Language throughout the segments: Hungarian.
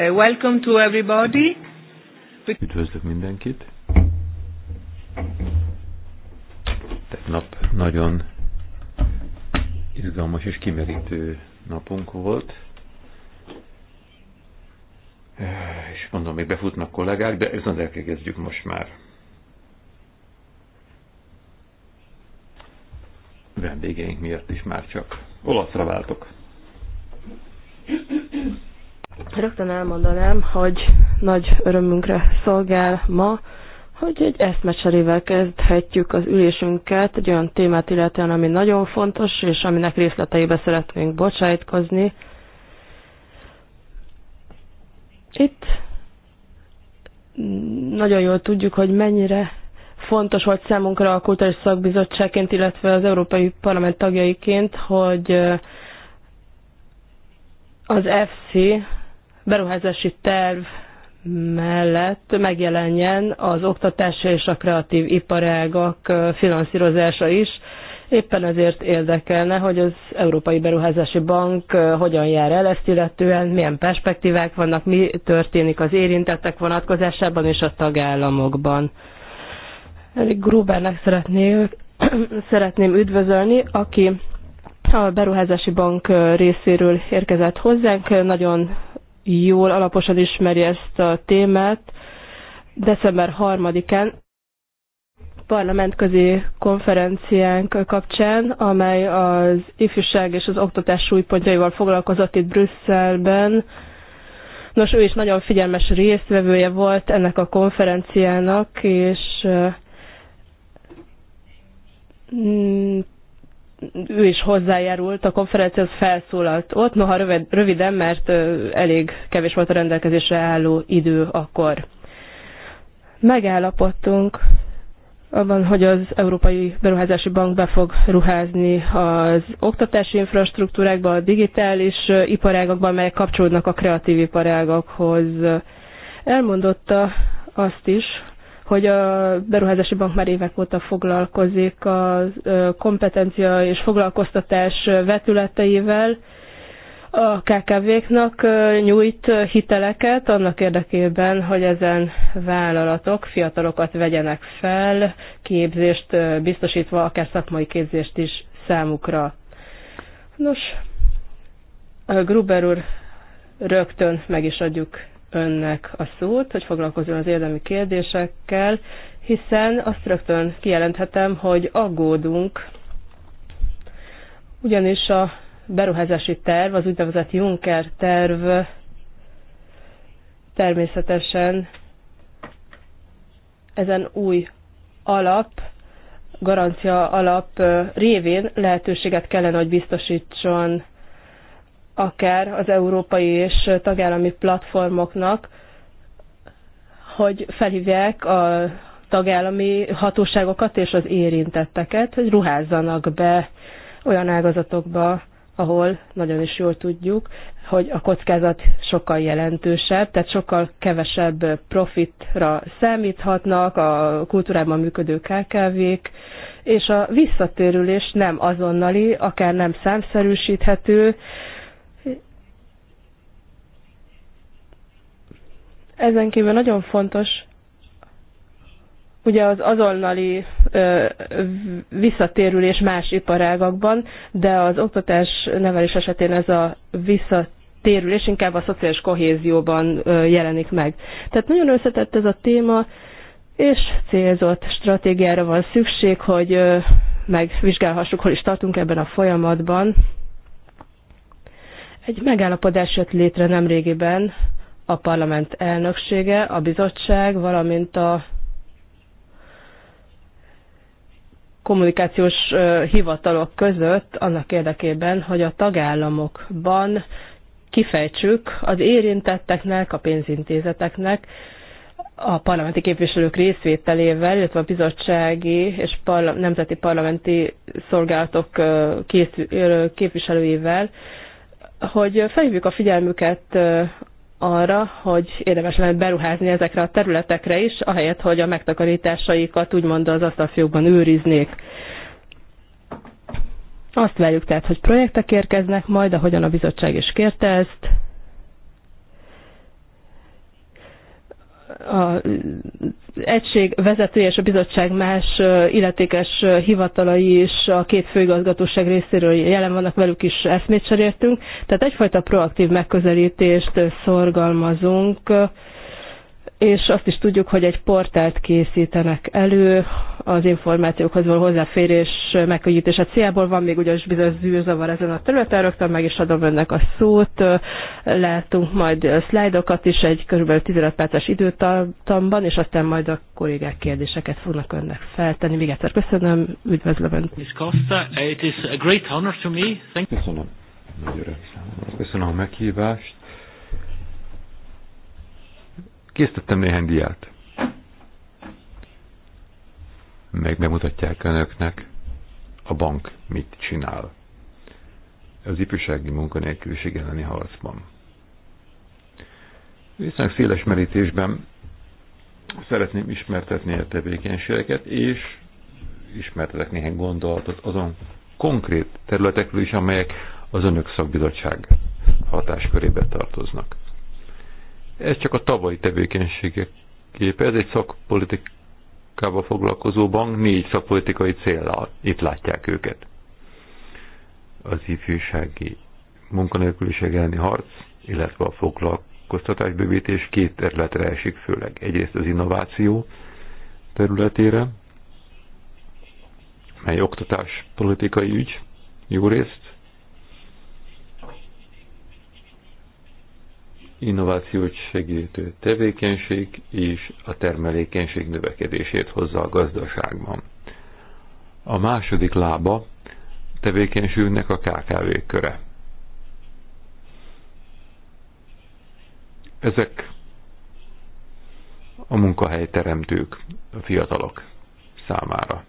Uh, welcome to everybody. Üdvözlök mindenkit. Tegnap nagyon izgalmas és kimerítő napunk volt. Eh, és mondom, még befutnak kollégák, de viszont elkezdjük most már. Vendégeink miatt is már csak olaszra váltok. Rögtön elmondanám, hogy nagy örömünkre szolgál ma, hogy egy eszmecserével kezdhetjük az ülésünket, egy olyan témát illetően, ami nagyon fontos, és aminek részleteibe szeretnénk bocsájtkozni. Itt nagyon jól tudjuk, hogy mennyire fontos volt számunkra a Kultúrás Szakbizottságként, illetve az Európai Parlament tagjaiként, hogy az FC beruházási terv mellett megjelenjen az oktatása és a kreatív iparágak finanszírozása is. Éppen ezért érdekelne, hogy az Európai Beruházási Bank hogyan jár el ezt illetően, milyen perspektívák vannak, mi történik az érintettek vonatkozásában és a tagállamokban. Elég Grubernek szeretném üdvözölni, aki a Beruházási Bank részéről érkezett hozzánk. Nagyon jól, alaposan ismeri ezt a témát. December 3-án parlamentközi konferenciánk kapcsán, amely az ifjúság és az oktatás súlypontjaival foglalkozott itt Brüsszelben. Nos, ő is nagyon figyelmes résztvevője volt ennek a konferenciának, és mm, ő is hozzájárult a konferenciához, felszólalt ott, noha rövid, röviden, mert elég kevés volt a rendelkezésre álló idő akkor. Megállapodtunk abban, hogy az Európai Beruházási Bank be fog ruházni az oktatási infrastruktúrákba, a digitális iparágakban, melyek kapcsolódnak a kreatív iparágakhoz. Elmondotta azt is, hogy a beruházási bank már évek óta foglalkozik a kompetencia és foglalkoztatás vetületeivel, a KKV-knak nyújt hiteleket annak érdekében, hogy ezen vállalatok fiatalokat vegyenek fel, képzést biztosítva, akár szakmai képzést is számukra. Nos, Gruber úr, rögtön meg is adjuk önnek a szót, hogy foglalkozzon az érdemi kérdésekkel, hiszen azt rögtön kijelenthetem, hogy aggódunk, ugyanis a beruházási terv, az úgynevezett Juncker terv természetesen ezen új alap, garancia alap révén lehetőséget kellene, hogy biztosítson akár az európai és tagállami platformoknak, hogy felhívják a tagállami hatóságokat és az érintetteket, hogy ruházzanak be olyan ágazatokba, ahol nagyon is jól tudjuk, hogy a kockázat sokkal jelentősebb, tehát sokkal kevesebb profitra számíthatnak a kultúrában működő KKV-k, és a visszatérülés nem azonnali, akár nem számszerűsíthető, Ezen kívül nagyon fontos ugye az azonnali ö, visszatérülés más iparágakban, de az oktatás nevelés esetén ez a visszatérülés inkább a szociális kohézióban ö, jelenik meg. Tehát nagyon összetett ez a téma, és célzott stratégiára van szükség, hogy ö, megvizsgálhassuk, hol is tartunk ebben a folyamatban. Egy megállapodás jött létre nemrégiben a parlament elnöksége, a bizottság, valamint a kommunikációs hivatalok között annak érdekében, hogy a tagállamokban kifejtsük az érintetteknek, a pénzintézeteknek, a parlamenti képviselők részvételével, illetve a bizottsági és parla nemzeti parlamenti szolgálatok képviselőivel, hogy felhívjuk a figyelmüket arra, hogy érdemes lenne beruházni ezekre a területekre is, ahelyett, hogy a megtakarításaikat úgymond az asztalfiókban őriznék. Azt várjuk tehát, hogy projektek érkeznek majd, ahogyan a bizottság is kérte ezt, a egység vezetője és a bizottság más illetékes hivatalai is a két főigazgatóság részéről jelen vannak, velük is eszmét cseréltünk. Tehát egyfajta proaktív megközelítést szorgalmazunk, és azt is tudjuk, hogy egy portált készítenek elő, az információkhoz való hozzáférés megkönnyítése célból. Van még ugyanis bizonyos zűrzavar ezen a területen, rögtön meg is adom önnek a szót. Látunk majd szlájdokat is egy kb. 15 perces időtartamban, és aztán majd a kollégák kérdéseket fognak önnek feltenni. Még egyszer köszönöm, üdvözlöm önt. it is a great honor to me. Köszönöm. Köszönöm a meghívást. Készítettem néhány diát meg bemutatják önöknek, a bank mit csinál az ifjúsági munkanélküliség elleni harcban. Viszont széles merítésben szeretném ismertetni a tevékenységeket, és ismertetek néhány gondolatot azon konkrét területekről is, amelyek az önök szakbizottság hatáskörébe tartoznak. Ez csak a tavalyi tevékenységek képe, ez egy szakpolitikai politikával foglalkozó bank négy szakpolitikai céllal. Itt látják őket. Az ifjúsági munkanélküliség elleni harc, illetve a foglalkoztatás bővítés két területre esik főleg. Egyrészt az innováció területére, mely oktatás politikai ügy, jó részt, innovációt segítő tevékenység és a termelékenység növekedését hozza a gazdaságban. A második lába tevékenységnek a KKV köre. Ezek a munkahelyteremtők a fiatalok számára.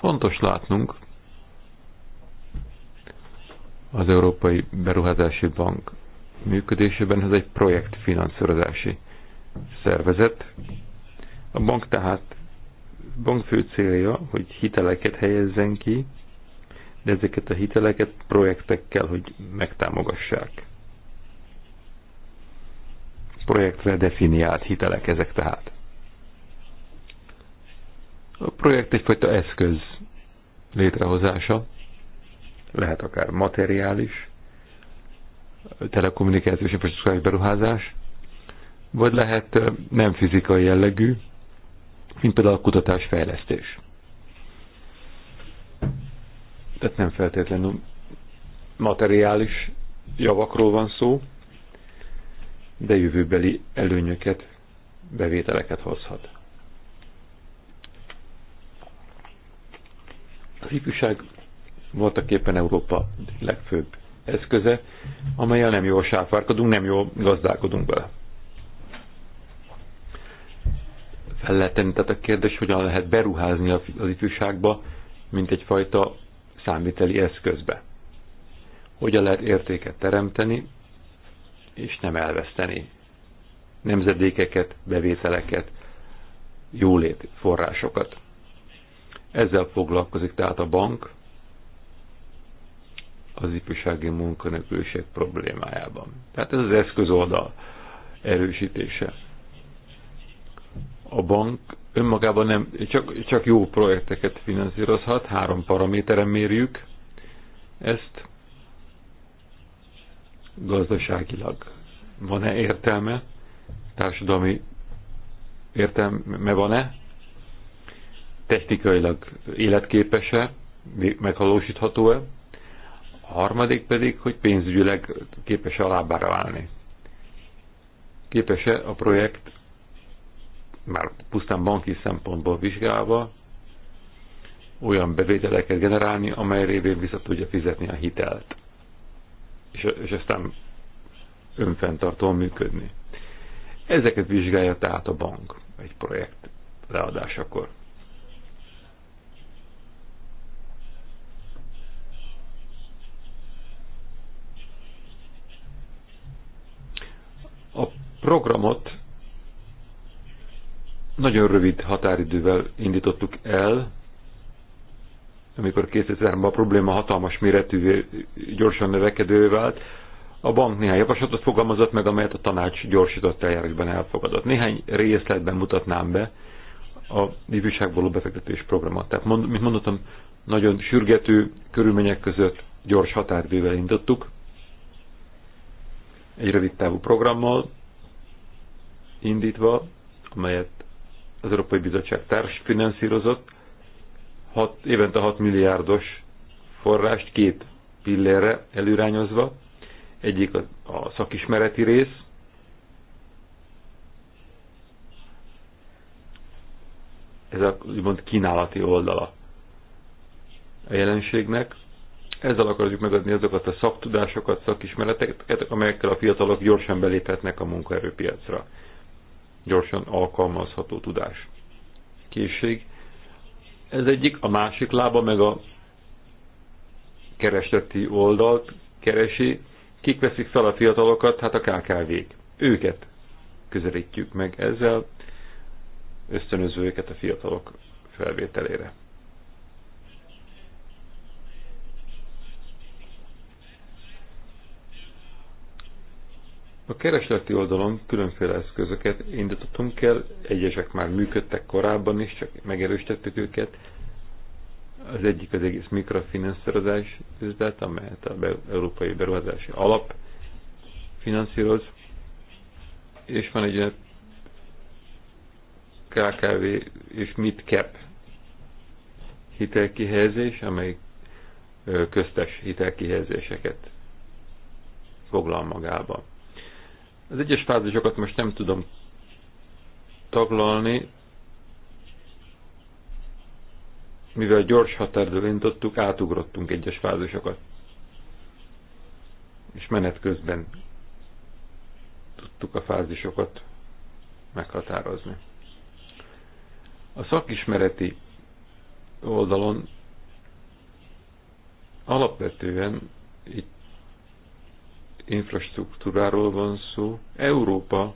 Fontos látnunk, az Európai Beruházási Bank működésében ez egy projektfinanszírozási szervezet. A bank tehát bank fő célja, hogy hiteleket helyezzen ki, de ezeket a hiteleket projektekkel, hogy megtámogassák. Projektre definiált hitelek ezek tehát. A projekt egyfajta eszköz létrehozása, lehet akár materiális, telekommunikációs infrastruktúrális beruházás, vagy lehet nem fizikai jellegű, mint például a kutatásfejlesztés. Tehát nem feltétlenül materiális javakról van szó, de jövőbeli előnyöket, bevételeket hozhat. Az ifjúság voltak éppen Európa legfőbb eszköze, amelyel nem jól sáfárkodunk, nem jól gazdálkodunk bele. Fel lehet tenni, tehát a kérdés, hogyan lehet beruházni az ifjúságba, mint egyfajta számviteli eszközbe. Hogyan lehet értéket teremteni, és nem elveszteni nemzedékeket, bevételeket, jólét forrásokat. Ezzel foglalkozik tehát a bank az ifjúsági munkanélküliség problémájában. Tehát ez az eszköz oldal erősítése. A bank önmagában nem, csak, csak jó projekteket finanszírozhat, három paraméteren mérjük ezt gazdaságilag. Van-e értelme? Társadalmi értelme van-e? technikailag életképes-e, meghalósítható-e, a harmadik pedig, hogy pénzügyileg képes-e a lábára állni. Képes-e a projekt, már pusztán banki szempontból vizsgálva, olyan bevételeket generálni, amely révén vissza tudja fizetni a hitelt. És, és aztán önfenntartóan működni. Ezeket vizsgálja tehát a bank egy projekt leadásakor. programot nagyon rövid határidővel indítottuk el, amikor 2003-ban a probléma hatalmas méretű, gyorsan növekedővé vált, a bank néhány javaslatot fogalmazott meg, amelyet a tanács gyorsított eljárásban elfogadott. Néhány részletben mutatnám be a ifjúságból befektetés programot. Tehát, mint mondottam, nagyon sürgető körülmények között gyors határidővel indítottuk, egy rövid távú programmal, indítva, amelyet az Európai Bizottság finanszírozott, hat, évente 6 milliárdos forrást két pillérre előrányozva. Egyik a, a szakismereti rész, ez a úgymond kínálati oldala a jelenségnek. Ezzel akarjuk megadni azokat a szaktudásokat, szakismereteket, amelyekkel a fiatalok gyorsan beléphetnek a munkaerőpiacra gyorsan alkalmazható tudás. Készség. Ez egyik, a másik lába meg a keresleti oldalt keresi. Kik veszik fel a fiatalokat? Hát a KKV-k. Őket közelítjük meg ezzel, ösztönöző őket a fiatalok felvételére. A keresleti oldalon különféle eszközöket indítottunk el, egyesek már működtek korábban is, csak megerősítettük őket. Az egyik az egész mikrofinanszírozás üzlet, amelyet a Európai Beruházási Alap finanszíroz, és van egy olyan KKV és midcap hitelkihelyezés, amely köztes hitelkihelyezéseket foglal magába. Az egyes fázisokat most nem tudom taglalni, mivel gyors határdől intottuk, átugrottunk egyes fázisokat. És menet közben tudtuk a fázisokat meghatározni. A szakismereti oldalon alapvetően itt infrastruktúráról van szó. Európa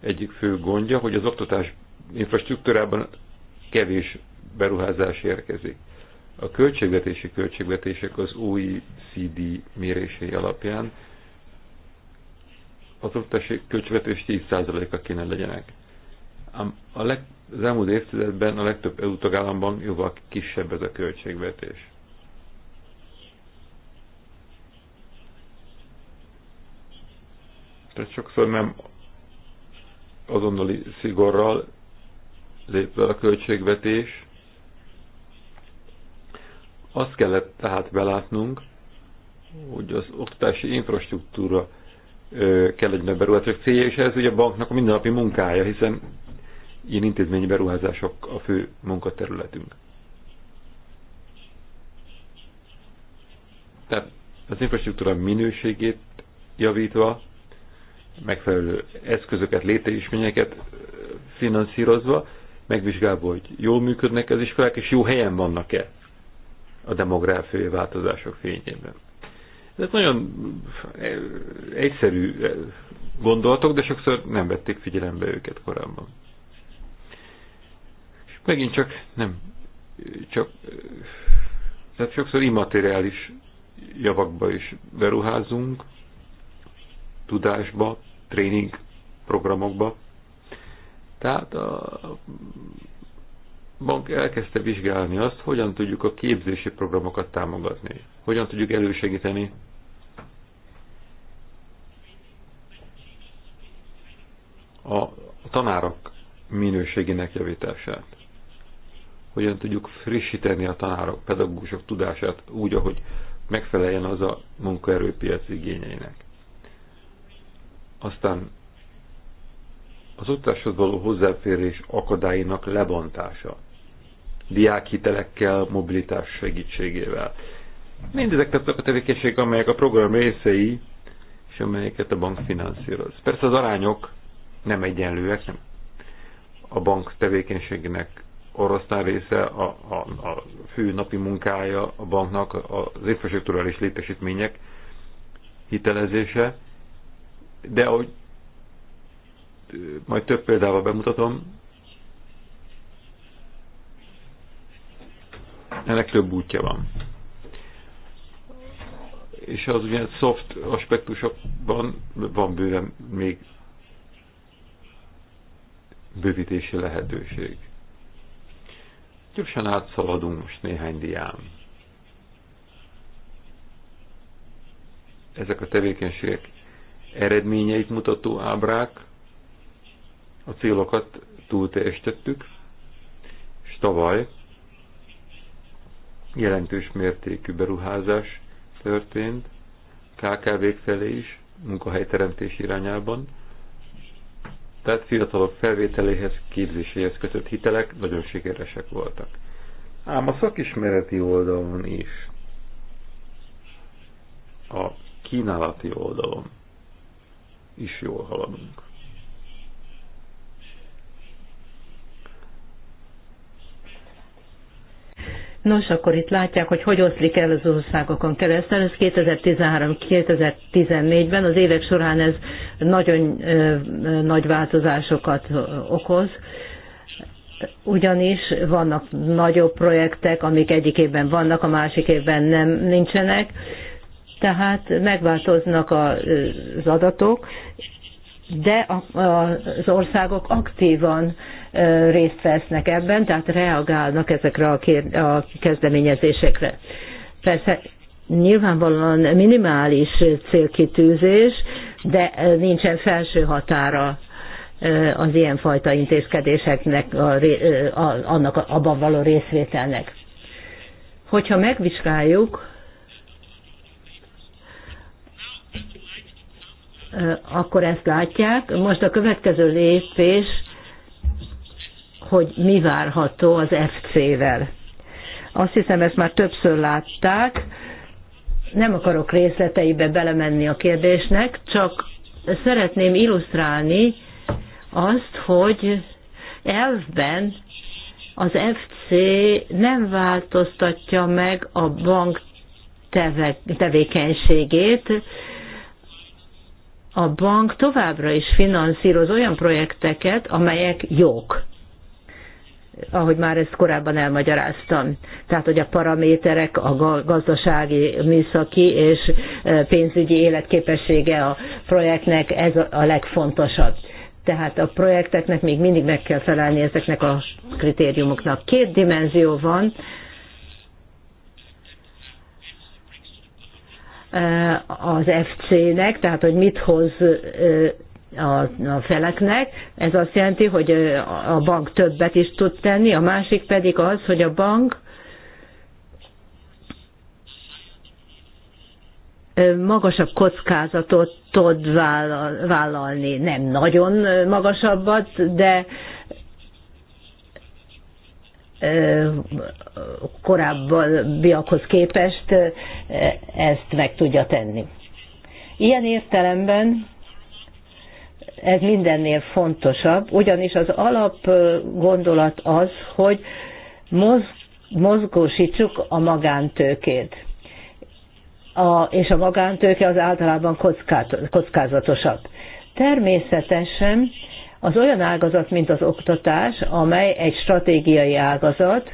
egyik fő gondja, hogy az oktatás infrastruktúrában kevés beruházás érkezik. A költségvetési költségvetések az új e CD mérései alapján az oktatási költségvetés 10%-a kéne legyenek. a leg, az elmúlt évtizedben a legtöbb EU tagállamban jóval kisebb ez a költségvetés. Tehát sokszor nem azonnali szigorral lépve a költségvetés. Azt kellett tehát belátnunk, hogy az oktatási infrastruktúra kell egy beruházások célja, és ez ugye a banknak a mindennapi munkája, hiszen ilyen intézményi beruházások a fő munkaterületünk. Tehát az infrastruktúra minőségét javítva megfelelő eszközöket, létesítményeket finanszírozva, megvizsgálva, hogy jól működnek az iskolák, és jó helyen vannak-e a demográfiai változások fényében. Ez nagyon egyszerű gondolatok, de sokszor nem vették figyelembe őket korábban. És megint csak nem, csak tehát sokszor immateriális javakba is beruházunk, tudásba, tréning programokba. Tehát a bank elkezdte vizsgálni azt, hogyan tudjuk a képzési programokat támogatni, hogyan tudjuk elősegíteni a tanárok minőségének javítását. Hogyan tudjuk frissíteni a tanárok, pedagógusok tudását úgy, ahogy megfeleljen az a munkaerőpiac igényeinek. Aztán az utáshoz való hozzáférés akadályainak lebontása, diákhitelekkel, mobilitás segítségével. Mindezek azok a tevékenységek, amelyek a program részei, és amelyeket a bank finanszíroz. Persze az arányok nem egyenlőek, nem. A bank tevékenységének orosztán része, a, a, a fő napi munkája a banknak, az infrastruktúrális létesítmények hitelezése, de ahogy majd több példával bemutatom, ennek több útja van. És az ugye soft aspektusokban van bőven még bővítési lehetőség. Gyorsan átszaladunk most néhány diám. Ezek a tevékenységek eredményeit mutató ábrák, a célokat teljesítettük, és tavaly jelentős mértékű beruházás történt, KKV-k felé is, munkahelyteremtés irányában, tehát fiatalok felvételéhez, képzéséhez kötött hitelek nagyon sikeresek voltak. Ám a szakismereti oldalon is, a kínálati oldalon is jól haladunk. Nos, akkor itt látják, hogy hogy oszlik el az országokon keresztül. Ez 2013-2014-ben, az évek során ez nagyon ö, nagy változásokat okoz. Ugyanis vannak nagyobb projektek, amik egyik évben vannak, a másik évben nem nincsenek. Ö, tehát megváltoznak az adatok, de az országok aktívan részt vesznek ebben, tehát reagálnak ezekre a kezdeményezésekre. Persze nyilvánvalóan minimális célkitűzés, de nincsen felső határa az ilyenfajta intézkedéseknek, a, a, annak abban való részvételnek. Hogyha megvizsgáljuk akkor ezt látják. Most a következő lépés, hogy mi várható az FC-vel. Azt hiszem, ezt már többször látták. Nem akarok részleteibe belemenni a kérdésnek, csak szeretném illusztrálni azt, hogy elvben az FC nem változtatja meg a bank tevékenységét, a bank továbbra is finanszíroz olyan projekteket, amelyek jók ahogy már ezt korábban elmagyaráztam. Tehát, hogy a paraméterek, a gazdasági, műszaki és e, pénzügyi életképessége a projektnek, ez a legfontosabb. Tehát a projekteknek még mindig meg kell felelni ezeknek a kritériumoknak. Két dimenzió van, az FC-nek, tehát hogy mit hoz a, feleknek. Ez azt jelenti, hogy a bank többet is tud tenni, a másik pedig az, hogy a bank magasabb kockázatot tud vállalni, nem nagyon magasabbat, de korábbiakhoz képest ezt meg tudja tenni. Ilyen értelemben ez mindennél fontosabb, ugyanis az alap gondolat az, hogy mozgósítsuk a magántőkét. A, és a magántőke az általában kockázatosabb. Természetesen az olyan ágazat, mint az oktatás, amely egy stratégiai ágazat,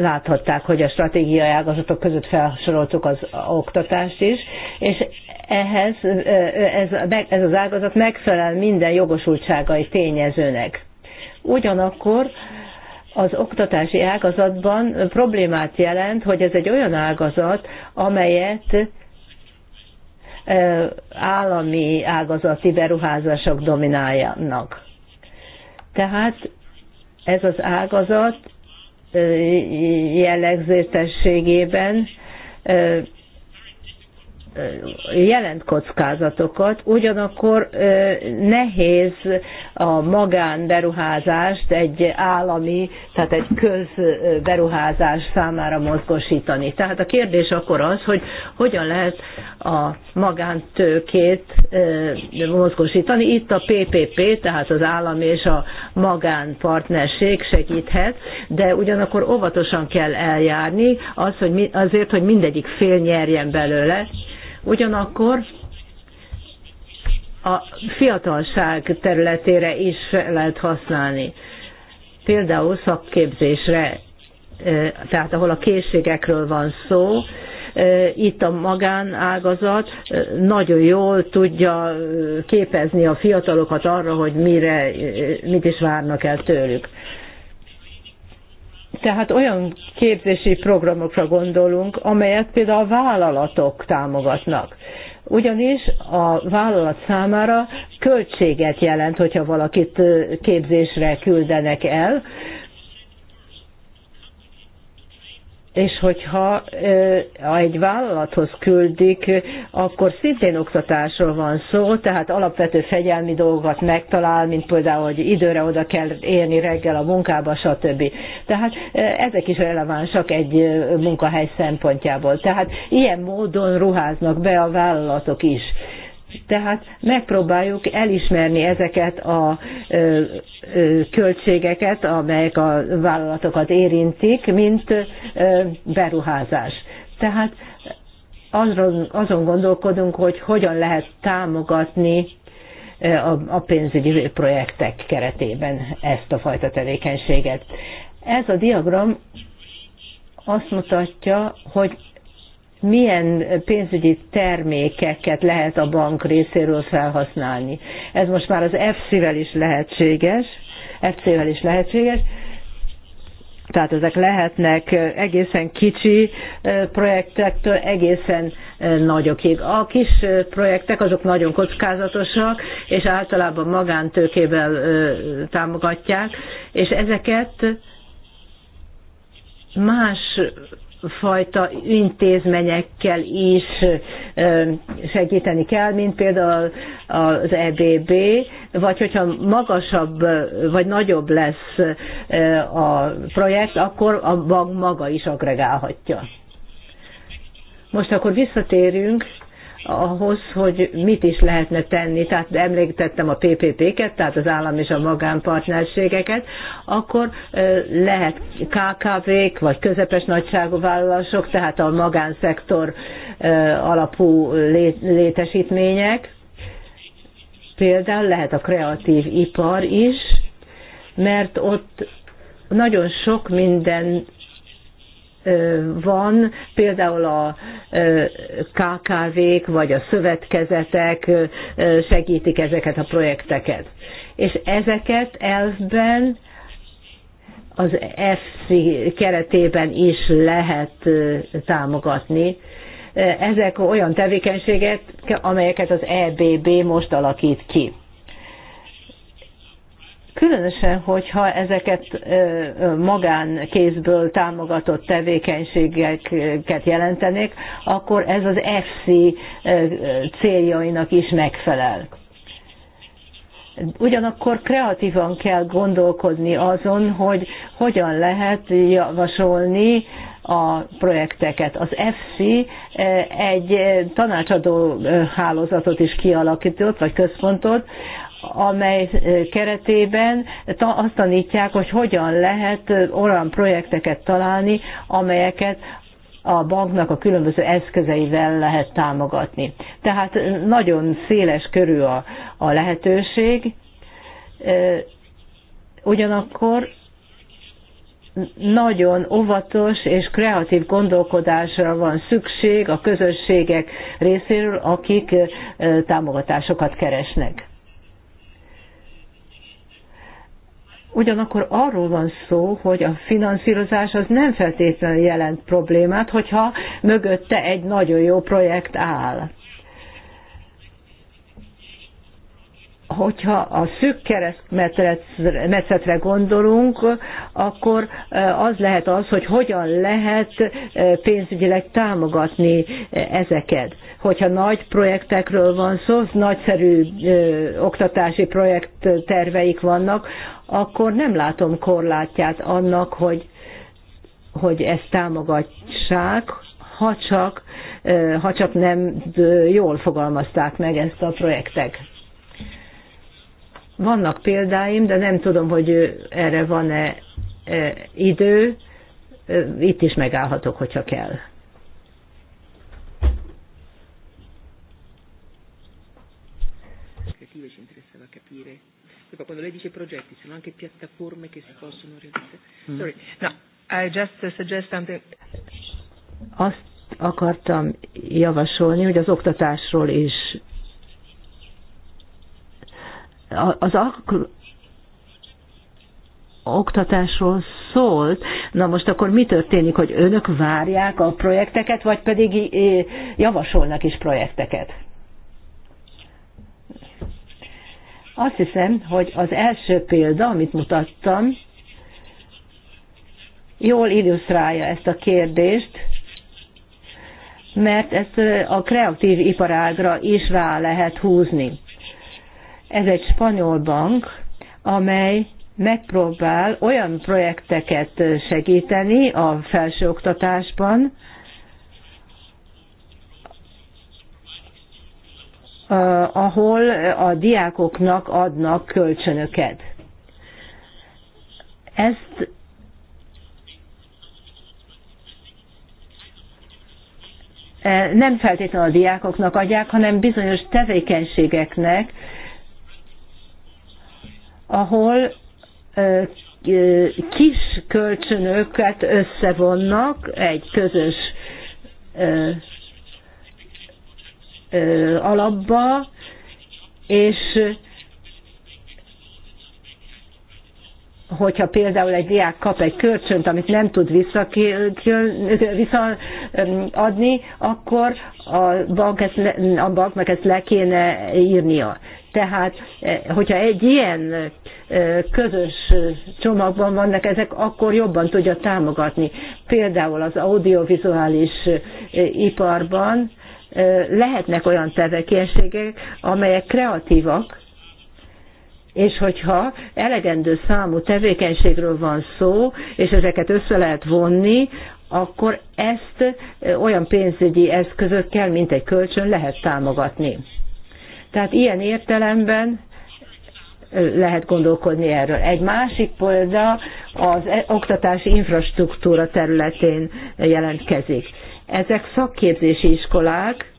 láthatták, hogy a stratégiai ágazatok között felsoroltuk az oktatást is, és ehhez ez, ez az ágazat megfelel minden jogosultságai tényezőnek. Ugyanakkor az oktatási ágazatban problémát jelent, hogy ez egy olyan ágazat, amelyet állami ágazati beruházások domináljanak. Tehát ez az ágazat jellegzetességében jelent kockázatokat, ugyanakkor nehéz a magánberuházást egy állami, tehát egy közberuházás számára mozgosítani. Tehát a kérdés akkor az, hogy hogyan lehet a magántőkét mozgosítani. Itt a PPP, tehát az állami és a magánpartnerség segíthet, de ugyanakkor óvatosan kell eljárni az, hogy azért, hogy mindegyik fél nyerjen belőle, Ugyanakkor a fiatalság területére is lehet használni. Például szakképzésre, tehát ahol a készségekről van szó, itt a magánágazat nagyon jól tudja képezni a fiatalokat arra, hogy mire, mit is várnak el tőlük. Tehát olyan képzési programokra gondolunk, amelyet például a vállalatok támogatnak. Ugyanis a vállalat számára költséget jelent, hogyha valakit képzésre küldenek el, és hogyha egy vállalathoz küldik akkor szintén oktatásról van szó, tehát alapvető fegyelmi dolgokat megtalál, mint például, hogy időre oda kell érni reggel a munkába, stb. Tehát e, ezek is relevánsak egy e, munkahely szempontjából. Tehát ilyen módon ruháznak be a vállalatok is. Tehát megpróbáljuk elismerni ezeket a ö, e, ö, költségeket, amelyek a vállalatokat érintik, mint ö, beruházás. Tehát azon, gondolkodunk, hogy hogyan lehet támogatni e, a, pénzügyi projektek keretében ezt a fajta tevékenységet. Ez a diagram azt mutatja, hogy milyen pénzügyi termékeket lehet a bank részéről felhasználni. Ez most már az FC-vel is lehetséges, FC-vel is lehetséges, tehát ezek lehetnek egészen kicsi projektektől egészen nagyokig. A kis projektek azok nagyon kockázatosak, és általában magántőkével támogatják, és ezeket más fajta intézményekkel is segíteni kell, mint például az EBB, vagy hogyha magasabb vagy nagyobb lesz a projekt, akkor a bank maga is agregálhatja. Most akkor visszatérünk ahhoz, hogy mit is lehetne tenni, tehát említettem a PPP-ket, tehát az állam és a magánpartnerségeket, akkor lehet KKV-k, vagy közepes nagyságú vállalások, tehát a magánszektor alapú létesítmények, például lehet a kreatív ipar is, mert ott nagyon sok minden van, például a KKV-k vagy a szövetkezetek segítik ezeket a projekteket. És ezeket elfben az FC keretében is lehet támogatni. Ezek olyan tevékenységek, amelyeket az EBB most alakít ki. Különösen, hogyha ezeket magánkézből támogatott tevékenységeket jelentenék, akkor ez az FC céljainak is megfelel. Ugyanakkor kreatívan kell gondolkodni azon, hogy hogyan lehet javasolni a projekteket. Az FC egy tanácsadó hálózatot is kialakított, vagy központot, amely eh, keretében azt tanítják, hogy hogyan lehet eh, olyan projekteket találni, amelyeket a banknak a különböző eszközeivel lehet támogatni. Tehát nagyon széles körű a, a lehetőség, eh, ugyanakkor nagyon óvatos és kreatív gondolkodásra van szükség a közösségek részéről, akik támogatásokat keresnek. Ugyanakkor arról van szó, hogy a finanszírozás az nem feltétlenül jelent problémát, hogyha mögötte egy nagyon jó projekt áll. hogyha a szűk keresztmetszetre gondolunk, akkor e, az lehet az, hogy hogyan lehet e, pénzügyileg támogatni ezeket. Hogyha nagy projektekről van szó, nagyszerű e, oktatási projektterveik vannak, akkor nem látom korlátját annak, hogy, hogy ezt támogatsák, ha csak, ha csak nem jól fogalmazták meg ezt a projektet. Vannak példáim, de nem tudom, hogy erre van-e idő. Itt is megállhatok, hogyha kell. Mm. I just Azt akartam javasolni, hogy az oktatásról is az oktatásról szólt. Na most akkor mi történik, hogy önök várják a projekteket, vagy pedig javasolnak is projekteket? Azt hiszem, hogy az első példa, amit mutattam, jól illusztrálja ezt a kérdést, mert ezt a kreatív iparágra is rá lehet húzni. Ez egy spanyol bank, amely megpróbál olyan projekteket segíteni a felsőoktatásban, ahol a diákoknak adnak kölcsönöket. Ezt e, nem feltétlenül a diákoknak adják, hanem bizonyos tevékenységeknek, ahol kis kölcsönöket összevonnak egy közös alapba, és hogyha például egy diák kap egy kölcsönt, amit nem tud visszaadni, akkor a, bank ezt, a banknak ezt le kéne írnia. Tehát, e, hogyha egy ilyen e, közös csomagban vannak ezek, akkor jobban tudja támogatni. Például az audiovizuális e, iparban lehetnek olyan tevékenységek, amelyek kreatívak, és hogyha elegendő számú tevékenységről van szó, és ezeket össze lehet vonni, akkor ezt olyan pénzügyi eszközökkel, mint egy kölcsön lehet támogatni. Tehát ilyen értelemben lehet gondolkodni erről. Egy másik példa az e- oktatási infrastruktúra területén jelentkezik. Ezek szakképzési iskolák,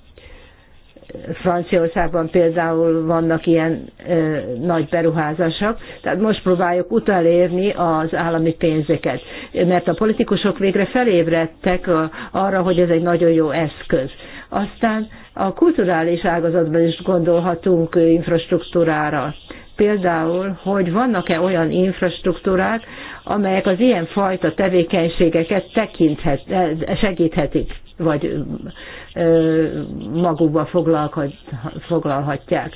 Franciaországban például vannak ilyen ö, nagy beruházások, tehát most próbáljuk utalérni az állami pénzeket, mert a politikusok végre felébredtek arra, hogy ez egy nagyon jó eszköz. Aztán a kulturális ágazatban is gondolhatunk infrastruktúrára például, hogy vannak-e olyan infrastruktúrák, amelyek az ilyen fajta tevékenységeket tekinthet, e, segíthetik, vagy magukba foglalhatják.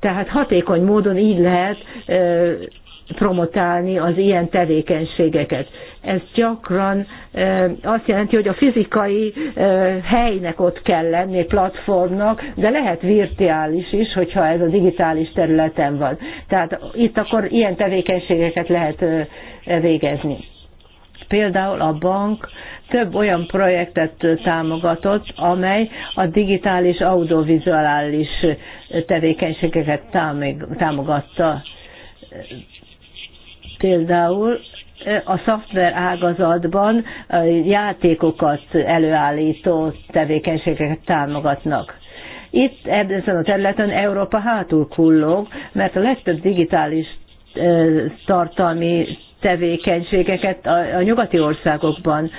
Tehát hatékony módon így lehet promotálni az ilyen tevékenységeket. Ez gyakran azt jelenti, hogy a fizikai helynek ott kell lenni, platformnak, de lehet virtuális is, hogyha ez a digitális területen van. Tehát itt akkor ilyen tevékenységeket lehet végezni. Például a bank több olyan projektet támogatott, amely a digitális audiovizuális tevékenységeket támogatta például a szoftver ágazatban játékokat előállító tevékenységeket támogatnak. Itt ezen a területen Európa hátul kullog, mert a legtöbb digitális tartalmi tevékenységeket a, a nyugati országokban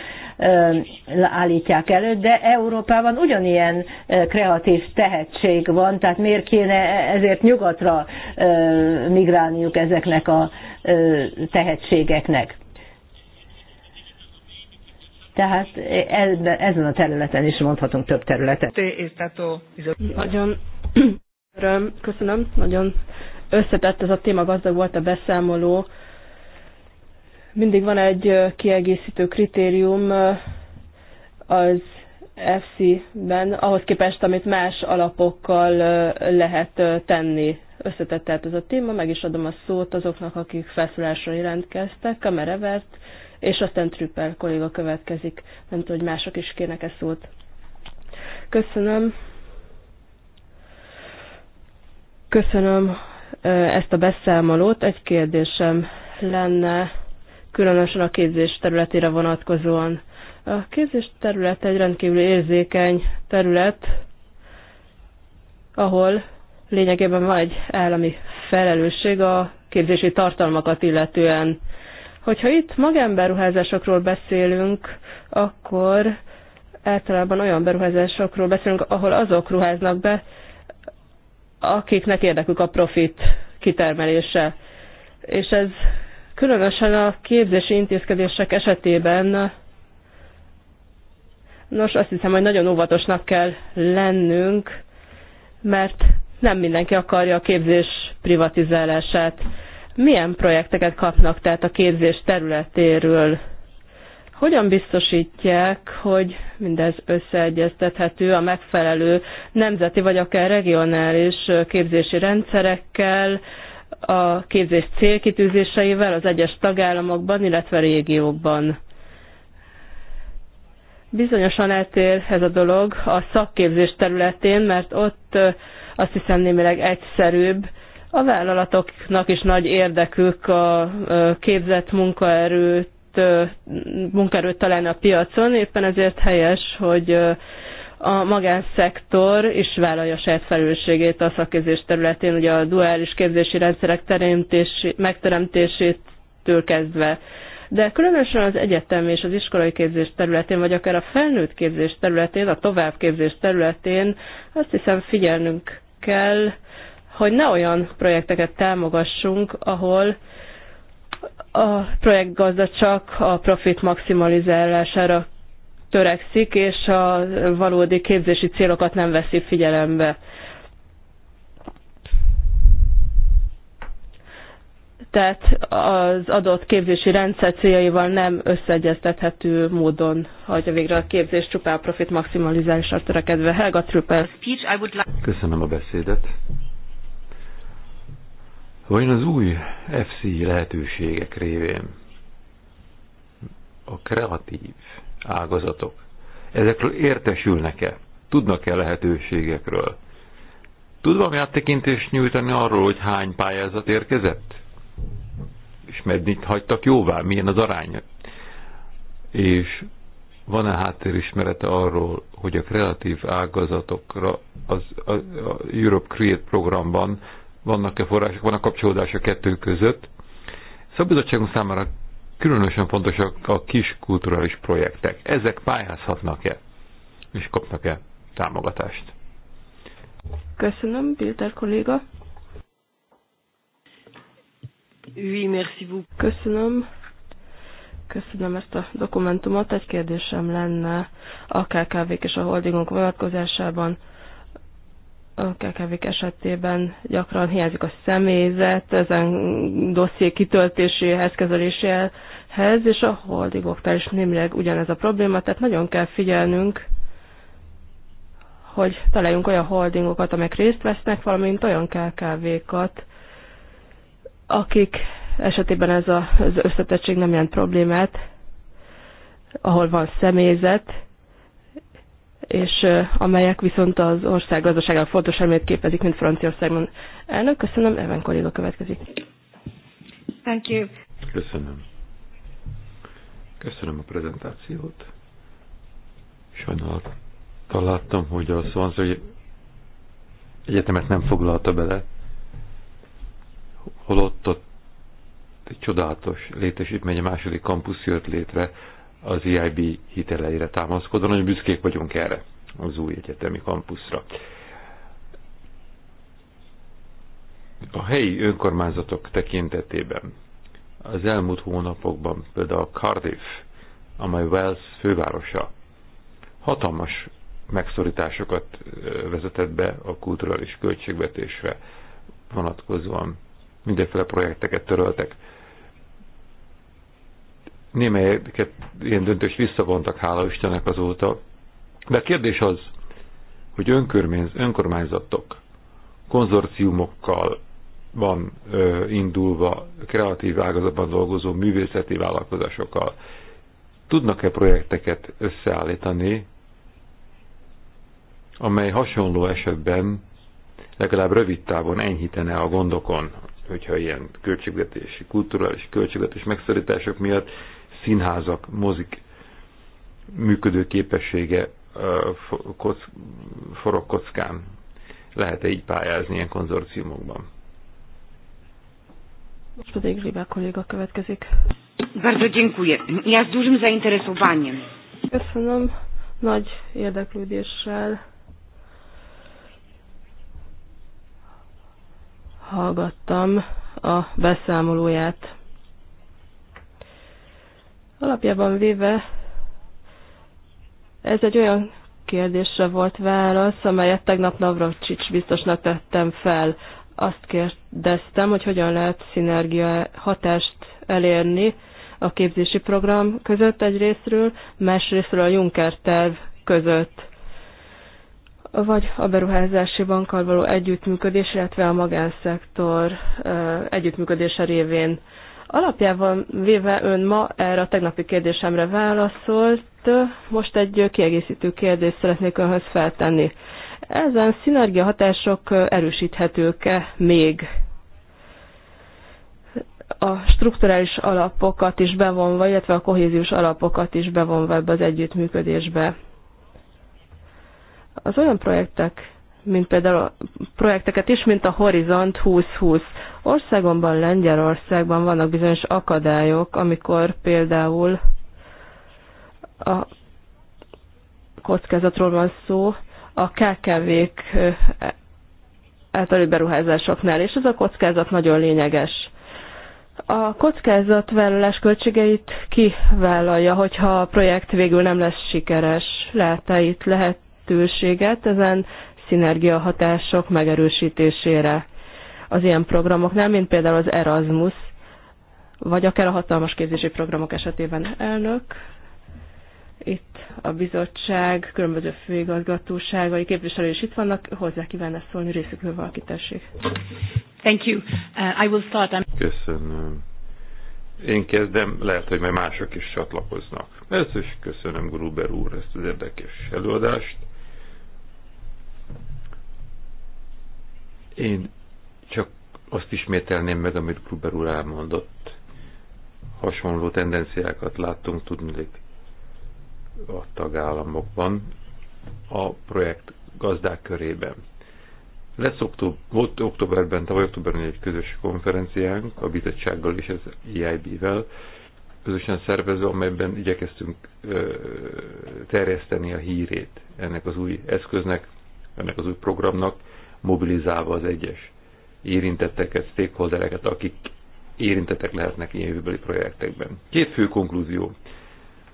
állítják elő, de Európában ugyanilyen kreatív tehetség van, tehát miért kéne e- ezért nyugatra migrálniuk ezeknek a tehetségeknek. Tehát ezen a területen is mondhatunk több területet. Nagyon köszönöm, nagyon összetett ez a téma, gazdag volt a beszámoló mindig van egy kiegészítő kritérium az FC-ben, ahhoz képest, amit más alapokkal lehet tenni. Összetett tehát ez a téma, meg is adom a szót azoknak, akik felszólásra jelentkeztek, Kamerevert, és aztán Trüppel kolléga következik. Nem tudom, hogy mások is kérnek ezt szót. Köszönöm. Köszönöm ezt a beszámolót. Egy kérdésem lenne különösen a képzés területére vonatkozóan. A képzés terület egy rendkívül érzékeny terület, ahol lényegében van egy állami felelősség a képzési tartalmakat illetően. Hogyha itt magánberuházásokról beszélünk, akkor általában olyan beruházásokról beszélünk, ahol azok ruháznak be, akiknek érdekük a profit kitermelése. És ez különösen a képzési intézkedések esetében Nos, azt hiszem, hogy nagyon óvatosnak kell lennünk, mert nem mindenki akarja a képzés privatizálását. Milyen projekteket kapnak tehát a képzés területéről? Hogyan biztosítják, hogy mindez összeegyeztethető a megfelelő nemzeti vagy akár regionális képzési rendszerekkel, a képzés célkitűzéseivel az egyes tagállamokban, illetve régiókban. Bizonyosan eltér ez a dolog a szakképzés területén, mert ott azt hiszem némileg egyszerűbb, a vállalatoknak is nagy érdekük a képzett munkaerőt, munkaerőt találni a piacon, éppen ezért helyes, hogy a magánszektor is vállalja saját felelősségét a szakképzés területén, ugye a duális képzési rendszerek megteremtésétől kezdve. De különösen az egyetemi és az iskolai képzés területén, vagy akár a felnőtt képzés területén, a továbbképzés területén azt hiszem figyelnünk kell, hogy ne olyan projekteket támogassunk, ahol a projektgazda csak a profit maximalizálására törekszik, és a valódi képzési célokat nem veszi figyelembe. Tehát az adott képzési rendszer céljaival nem összeegyeztethető módon hagyja végre a képzés csupán profit maximalizálásra törekedve. Helga Trüppel. Köszönöm a beszédet. Vajon az új FC lehetőségek révén a kreatív ágazatok. Ezekről értesülnek-e? Tudnak-e lehetőségekről? Tud valami áttekintést nyújtani arról, hogy hány pályázat érkezett? És meddig hagytak jóvá? Milyen az arány, És van-e háttérismerete arról, hogy a kreatív ágazatokra az a, a Europe Create programban vannak-e források, van a kapcsolódás a kettő között? Szabadságunk számára Különösen fontosak a kis kulturális projektek. Ezek pályázhatnak-e, és kapnak-e támogatást? Köszönöm, Péter kolléga. Oui, merci vous. Köszönöm. Köszönöm ezt a dokumentumot. Egy kérdésem lenne a KKV-k és a holdingok vonatkozásában a kkv esetében gyakran hiányzik a személyzet ezen dosszié kitöltéséhez, kezeléséhez, és a holdigoktál is némileg ugyanez a probléma, tehát nagyon kell figyelnünk, hogy találjunk olyan holdingokat, amelyek részt vesznek, valamint olyan KKV-kat, akik esetében ez az összetettség nem jelent problémát, ahol van személyzet, és amelyek viszont az ország gazdaságának fontos elmét képezik, mint Franciaországban. Elnök, köszönöm, Evan kolléga következik. Thank you. Köszönöm. Köszönöm a prezentációt. Sajnálattal láttam, hogy a Szonzai Egyetemet nem foglalta bele, holott ott egy csodálatos létesítmény, a második kampusz jött létre, az EIB hiteleire támaszkodva. Nagyon büszkék vagyunk erre az új egyetemi kampuszra. A helyi önkormányzatok tekintetében az elmúlt hónapokban például a Cardiff, amely Wales fővárosa, hatalmas megszorításokat vezetett be a kulturális költségvetésre vonatkozóan. Mindenféle projekteket töröltek némelyeket ilyen döntős visszavontak, hála Istennek azóta. De a kérdés az, hogy önkörmény, önkormányzatok konzorciumokkal van ö, indulva kreatív ágazatban dolgozó művészeti vállalkozásokkal. Tudnak-e projekteket összeállítani, amely hasonló esetben legalább rövid távon enyhítene a gondokon, hogyha ilyen költségvetési, kulturális költségvetés megszorítások miatt színházak, mozik működő képessége forog kockán. Lehet-e így pályázni ilyen konzorciumokban? Most pedig Riba kolléga következik. Bardzo dziękuję. Ja z dużym zainteresowaniem. Köszönöm nagy érdeklődéssel. Hallgattam a beszámolóját Alapjában véve ez egy olyan kérdésre volt válasz, amelyet tegnap Navracsics biztosnak tettem fel. Azt kérdeztem, hogy hogyan lehet szinergia hatást elérni a képzési program között egyrésztről, másrésztről a Juncker terv között vagy a beruházási bankkal való együttműködés, illetve a magánszektor együttműködése révén. Alapjában véve ön ma erre a tegnapi kérdésemre válaszolt, most egy kiegészítő kérdést szeretnék önhöz feltenni. Ezen szinergia hatások erősíthetők-e még? A strukturális alapokat is bevonva, illetve a kohéziós alapokat is bevonva ebbe az együttműködésbe. Az olyan projektek mint például a projekteket is, mint a Horizont 2020. Országomban, Lengyelországban vannak bizonyos akadályok, amikor például a kockázatról van szó, a KKV-k e, általi beruházásoknál, és ez a kockázat nagyon lényeges. A kockázatvállalás költségeit kivállalja, hogyha a projekt végül nem lesz sikeres. lehet -e itt lehetőséget ezen szinergia hatások megerősítésére az ilyen programoknál, mint például az Erasmus, vagy akár a hatalmas képzési programok esetében elnök. Itt a bizottság különböző főigazgatóságai képviselői is itt vannak, hozzá kívánna szólni részükről valaki tessék. Thank you. Uh, I will start. I'm... Köszönöm. Én kezdem, lehet, hogy majd mások is csatlakoznak. Ezt is köszönöm Gruber úr ezt az érdekes előadást. Én csak azt ismételném meg, amit Gruber úr elmondott. Hasonló tendenciákat láttunk tudni a tagállamokban, a projekt gazdák körében. Lesz október, volt októberben, tavaly októberben egy közös konferenciánk a bizottsággal és az EIB-vel, közösen szervező, amelyben igyekeztünk ö, terjeszteni a hírét ennek az új eszköznek, ennek az új programnak, mobilizálva az egyes érintetteket, stakeholdereket, akik érintettek lehetnek ilyen jövőbeli projektekben. Két fő konklúzió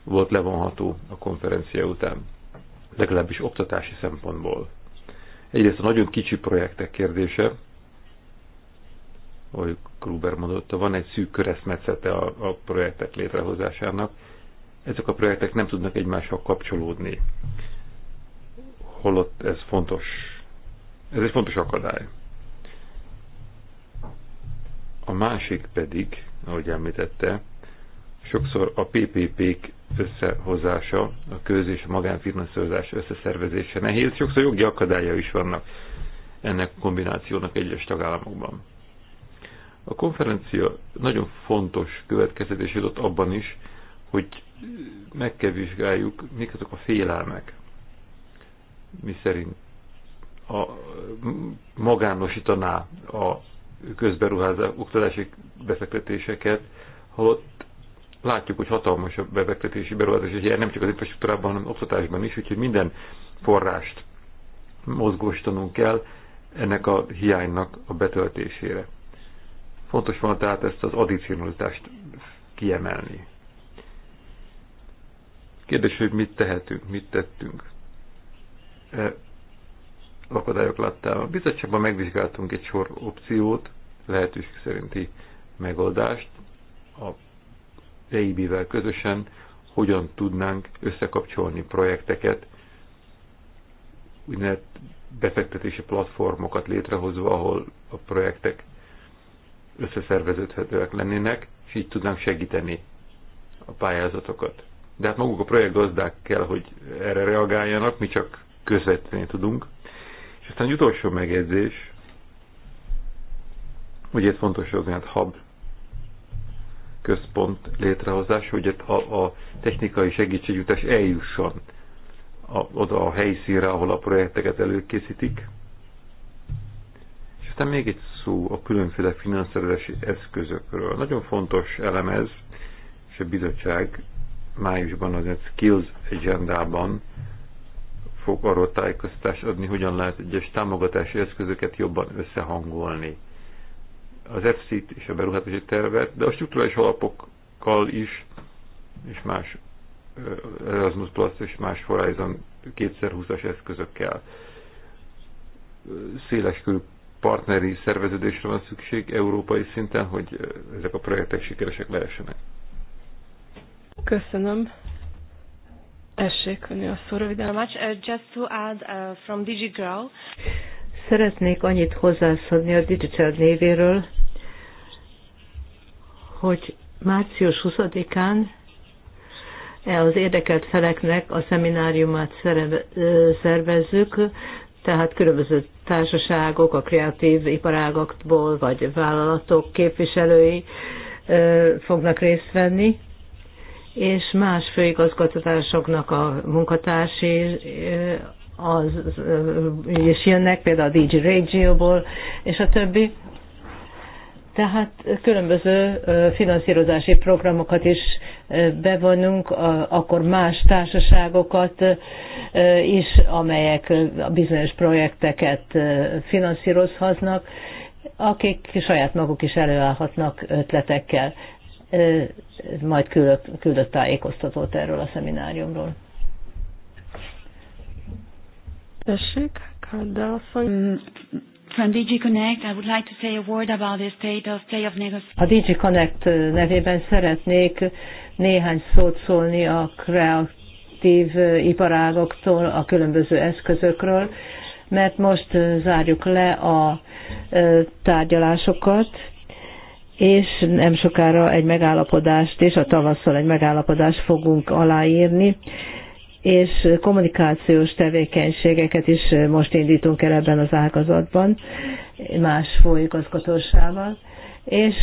volt levonható a konferencia után, legalábbis oktatási szempontból. Egyrészt a nagyon kicsi projektek kérdése, ahogy Gruber mondotta, van egy szűk köreszmetszete a, a projektek létrehozásának. Ezek a projektek nem tudnak egymással kapcsolódni, holott ez fontos ez egy fontos akadály. A másik pedig, ahogy említette, sokszor a PPP-k összehozása, a köz- és magánfinanszírozás összeszervezése nehéz, sokszor jogi akadályai is vannak ennek a kombinációnak egyes tagállamokban. A konferencia nagyon fontos következtetés jutott abban is, hogy meg kell vizsgáljuk, mik azok a félelmek, mi szerint a, magánosítaná a közberuházás, oktatási befektetéseket, holott látjuk, hogy hatalmas a befektetési beruházás, és nem csak az infrastruktúrában, hanem oktatásban is, úgyhogy minden forrást mozgósítanunk kell ennek a hiánynak a betöltésére. Fontos van tehát ezt az addicionalitást kiemelni. Kérdés, hogy mit tehetünk, mit tettünk. E, akadályok láttával. A bizottságban megvizsgáltunk egy sor opciót, lehetőség szerinti megoldást a EIB-vel közösen, hogyan tudnánk összekapcsolni projekteket, úgynevezett befektetési platformokat létrehozva, ahol a projektek összeszerveződhetőek lennének, és így tudnánk segíteni a pályázatokat. De hát maguk a projektgazdák kell, hogy erre reagáljanak, mi csak közvetíteni tudunk. És aztán egy utolsó megjegyzés, ugye ez fontos az olyan hát hab központ létrehozás, hogy a, a technikai segítségjutás eljusson a, oda a helyszínre, ahol a projekteket előkészítik. És aztán még egy szó a különféle finanszírozási eszközökről. Nagyon fontos elem ez, és a bizottság májusban az egy skills agendában fog arról tájékoztatást adni, hogyan lehet egyes támogatási eszközöket jobban összehangolni. Az EFSZ-t és a beruházási tervet, de a struktúrális alapokkal is, és más Erasmus Plus és más Horizon 2020-as eszközökkel. Széleskörű partneri szerveződésre van szükség európai szinten, hogy ezek a projektek sikeresek lehessenek. Köszönöm. Essék, hogy a szó röviden. Much, uh, just to add uh, from DigiGirl. Szeretnék annyit hozzászólni a Digital névéről, hogy március 20-án eh, az érdekelt feleknek a szemináriumát szervezzük, tehát különböző társaságok, a kreatív iparágokból vagy vállalatok képviselői fognak részt venni, és más főigazgatásoknak a munkatársai eh, az, és eh, jönnek, például a DJ radio ból és a többi. Tehát különböző eh, finanszírozási programokat is bevonunk, akkor más társaságokat is, amelyek bizonyos projekteket finanszírozhatnak, akik saját maguk is előállhatnak ötletekkel majd küldött, küldött tájékoztatót erről a szemináriumról. Tessék, Kada mm, From DG Connect, I would like to say a word about the state of play of negotiation. A DG Connect nevében szeretnék néhány szót szólni a kreatív iparágoktól, a különböző eszközökről, mert most zárjuk le a tárgyalásokat, és nem sokára egy megállapodást, és a tavasszal egy megállapodást fogunk aláírni, és kommunikációs tevékenységeket is most indítunk el ebben az ágazatban, más főigazgatósával, és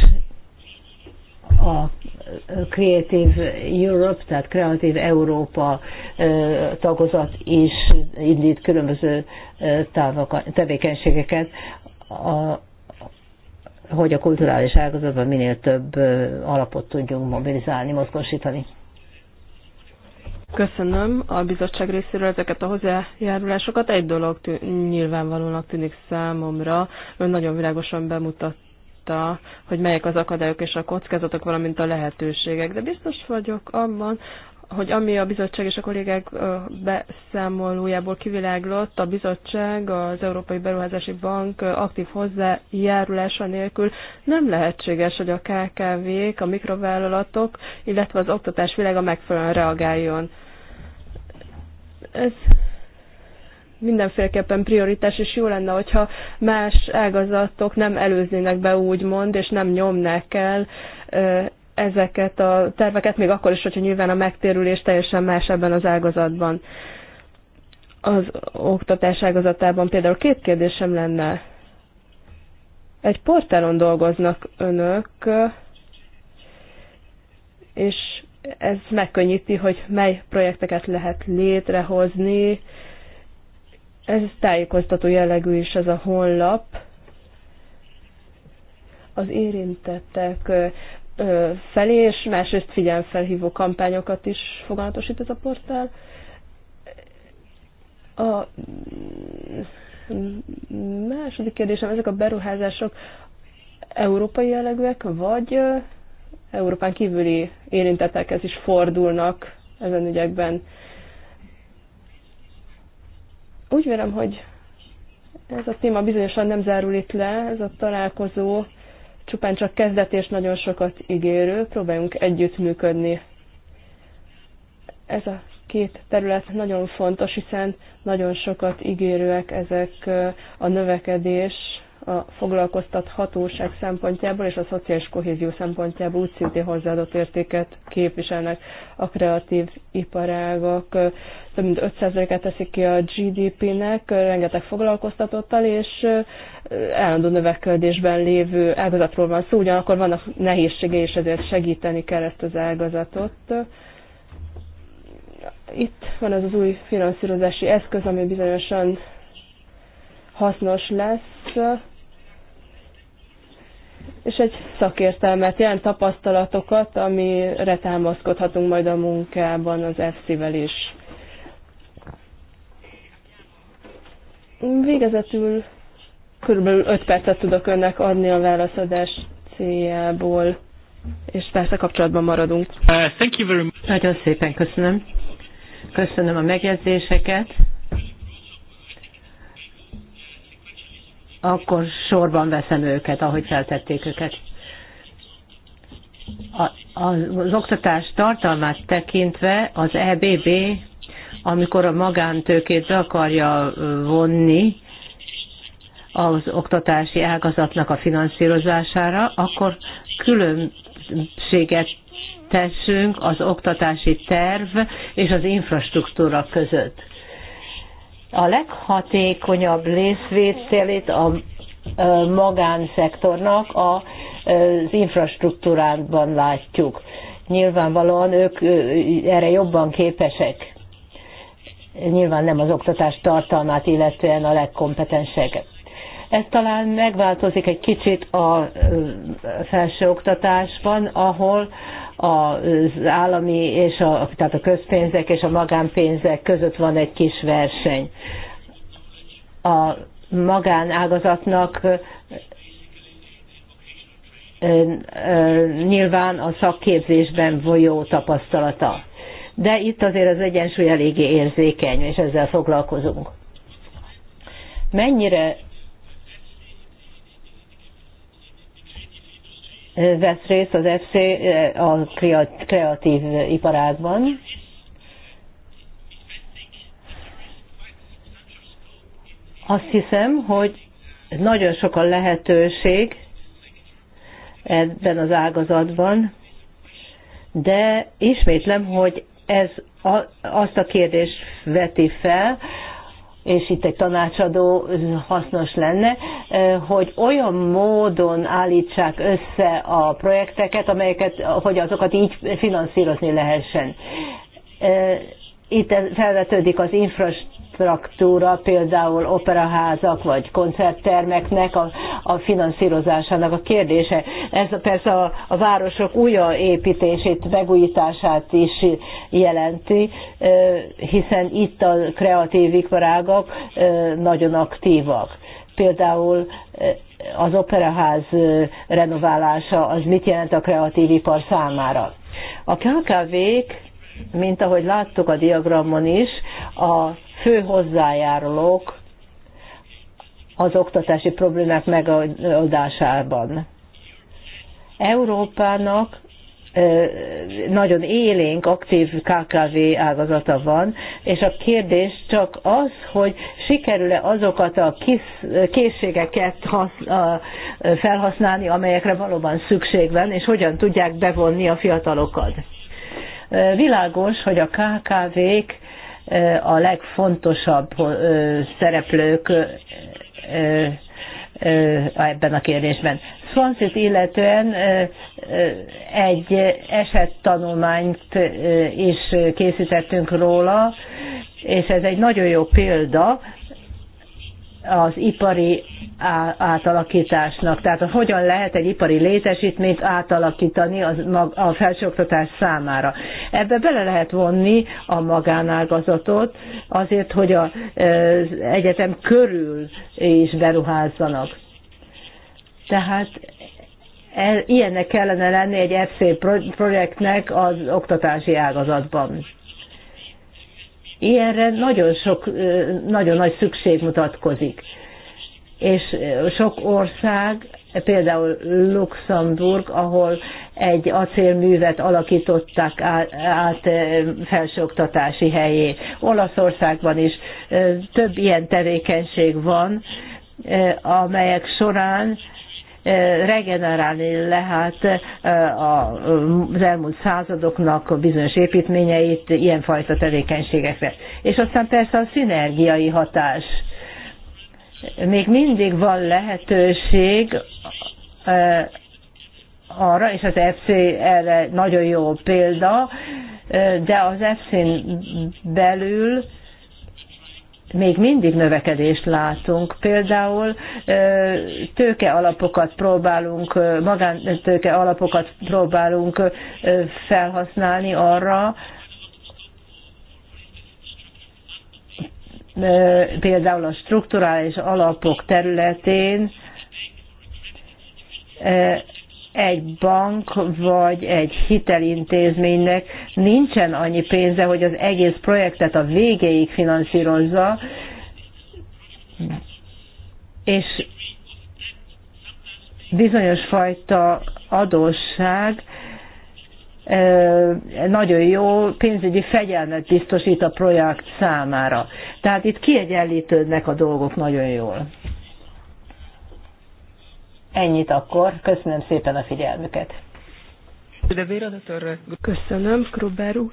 a Creative Europe, tehát Kreatív Európa tagozat is indít különböző tevékenységeket hogy a kulturális ágazatban minél több alapot tudjunk mobilizálni, mozgósítani. Köszönöm a bizottság részéről ezeket a hozzájárulásokat. Egy dolog tű, nyilvánvalónak tűnik számomra. Ön nagyon világosan bemutatta, hogy melyek az akadályok és a kockázatok, valamint a lehetőségek. De biztos vagyok abban, hogy ami a bizottság és a kollégák beszámolójából kiviláglott, a bizottság, az Európai Beruházási Bank aktív hozzájárulása nélkül nem lehetséges, hogy a KKV-k, a mikrovállalatok, illetve az oktatás világa megfelelően reagáljon. Ez mindenféleképpen prioritás, és jó lenne, hogyha más ágazatok nem előznének be úgymond, és nem nyomnák el ezeket a terveket, még akkor is, hogyha nyilván a megtérülés teljesen más ebben az ágazatban. Az oktatás ágazatában például két kérdésem lenne. Egy portálon dolgoznak önök, és ez megkönnyíti, hogy mely projekteket lehet létrehozni. Ez tájékoztató jellegű is ez a honlap. Az érintettek felé, és másrészt figyelmfelhívó kampányokat is foganatosít ez a portál. A második kérdésem, ezek a beruházások európai jellegűek, vagy Európán kívüli érintettekhez is fordulnak ezen ügyekben? Úgy vélem, hogy ez a téma bizonyosan nem zárul itt le, ez a találkozó csupán csak kezdet és nagyon sokat ígérő, próbáljunk együttműködni. Ez a két terület nagyon fontos, hiszen nagyon sokat ígérőek ezek a növekedés a foglalkoztathatóság szempontjából és a szociális kohézió szempontjából úgy szintén hozzáadott értéket képviselnek a kreatív iparágak. Több mint 5 et teszik ki a GDP-nek, rengeteg foglalkoztatottal, és állandó növekedésben lévő ágazatról van szó, ugyanakkor vannak nehézségei, és ezért segíteni kell ezt az ágazatot itt van az az új finanszírozási eszköz, ami bizonyosan hasznos lesz és egy szakértelmet, ilyen tapasztalatokat, amire támaszkodhatunk majd a munkában az EFSZ-vel is. Végezetül körülbelül 5 percet tudok önnek adni a válaszadás céljából, és persze kapcsolatban maradunk. Uh, thank you very much. Nagyon szépen köszönöm. Köszönöm a megjegyzéseket. akkor sorban veszem őket, ahogy feltették őket. A, az oktatás tartalmát tekintve az EBB, amikor a magántőkét be akarja vonni az oktatási ágazatnak a finanszírozására, akkor különbséget tessünk az oktatási terv és az infrastruktúra között a leghatékonyabb részvételét a magánszektornak az infrastruktúrában látjuk. Nyilvánvalóan ők erre jobban képesek. Nyilván nem az oktatás tartalmát illetően a legkompetenseket. Ez talán megváltozik egy kicsit a felsőoktatásban, ahol az állami és a, tehát a közpénzek és a magánpénzek között van egy kis verseny. A magánágazatnak nyilván a szakképzésben folyó tapasztalata. De itt azért az egyensúly eléggé érzékeny, és ezzel foglalkozunk. Mennyire vesz részt az FC eh, a kreatív iparágban. Azt hiszem, hogy nagyon sok a lehetőség ebben az ágazatban, de ismétlem, hogy ez azt a kérdést veti fel, és itt egy tanácsadó hasznos lenne, eh, hogy olyan módon állítsák össze a projekteket, amelyeket, hogy azokat így finanszírozni lehessen. Eh, itt felvetődik az infrastruktúra, infrastruktúra, például operaházak vagy koncerttermeknek a, a finanszírozásának a kérdése. Ez persze a, a városok újraépítését, megújítását is jelenti, hiszen itt a kreatív iparágak nagyon aktívak. Például az operaház renoválása az mit jelent a kreatív ipar számára. A KKV-k, mint ahogy láttuk a diagramon is, a fő hozzájárulók az oktatási problémák megoldásában. Európának nagyon élénk, aktív KKV ágazata van, és a kérdés csak az, hogy sikerül-e azokat a kis, készségeket hasz, a, felhasználni, amelyekre valóban szükség van, és hogyan tudják bevonni a fiatalokat. Világos, hogy a KKV-k a legfontosabb szereplők ebben a kérdésben. swansea illetően egy esettanulmányt is készítettünk róla, és ez egy nagyon jó példa, az ipari átalakításnak. Tehát hogyan lehet egy ipari létesítményt átalakítani az, a felsőoktatás számára. Ebbe bele lehet vonni a magánágazatot azért, hogy az egyetem körül is beruházzanak. Tehát e- ilyennek kellene lenni egy FC projektnek az oktatási ágazatban Ilyenre nagyon, sok, nagyon nagy szükség mutatkozik. És sok ország, például Luxemburg, ahol egy acélművet alakították át felsőoktatási helyé. Olaszországban is több ilyen tevékenység van, amelyek során regenerálni lehet az elmúlt századoknak a bizonyos építményeit ilyenfajta tevékenységekre. És aztán persze a szinergiai hatás. Még mindig van lehetőség arra, és az FC erre nagyon jó példa, de az FC-n belül még mindig növekedést látunk. Például tőke alapokat próbálunk, magántőke alapokat próbálunk felhasználni arra, például a strukturális alapok területén egy bank vagy egy hitelintézménynek nincsen annyi pénze, hogy az egész projektet a végéig finanszírozza, és bizonyos fajta adósság nagyon jó pénzügyi fegyelmet biztosít a projekt számára. Tehát itt kiegyenlítődnek a dolgok nagyon jól. Ennyit akkor. Köszönöm szépen a figyelmüket. Köszönöm, Krubber úr,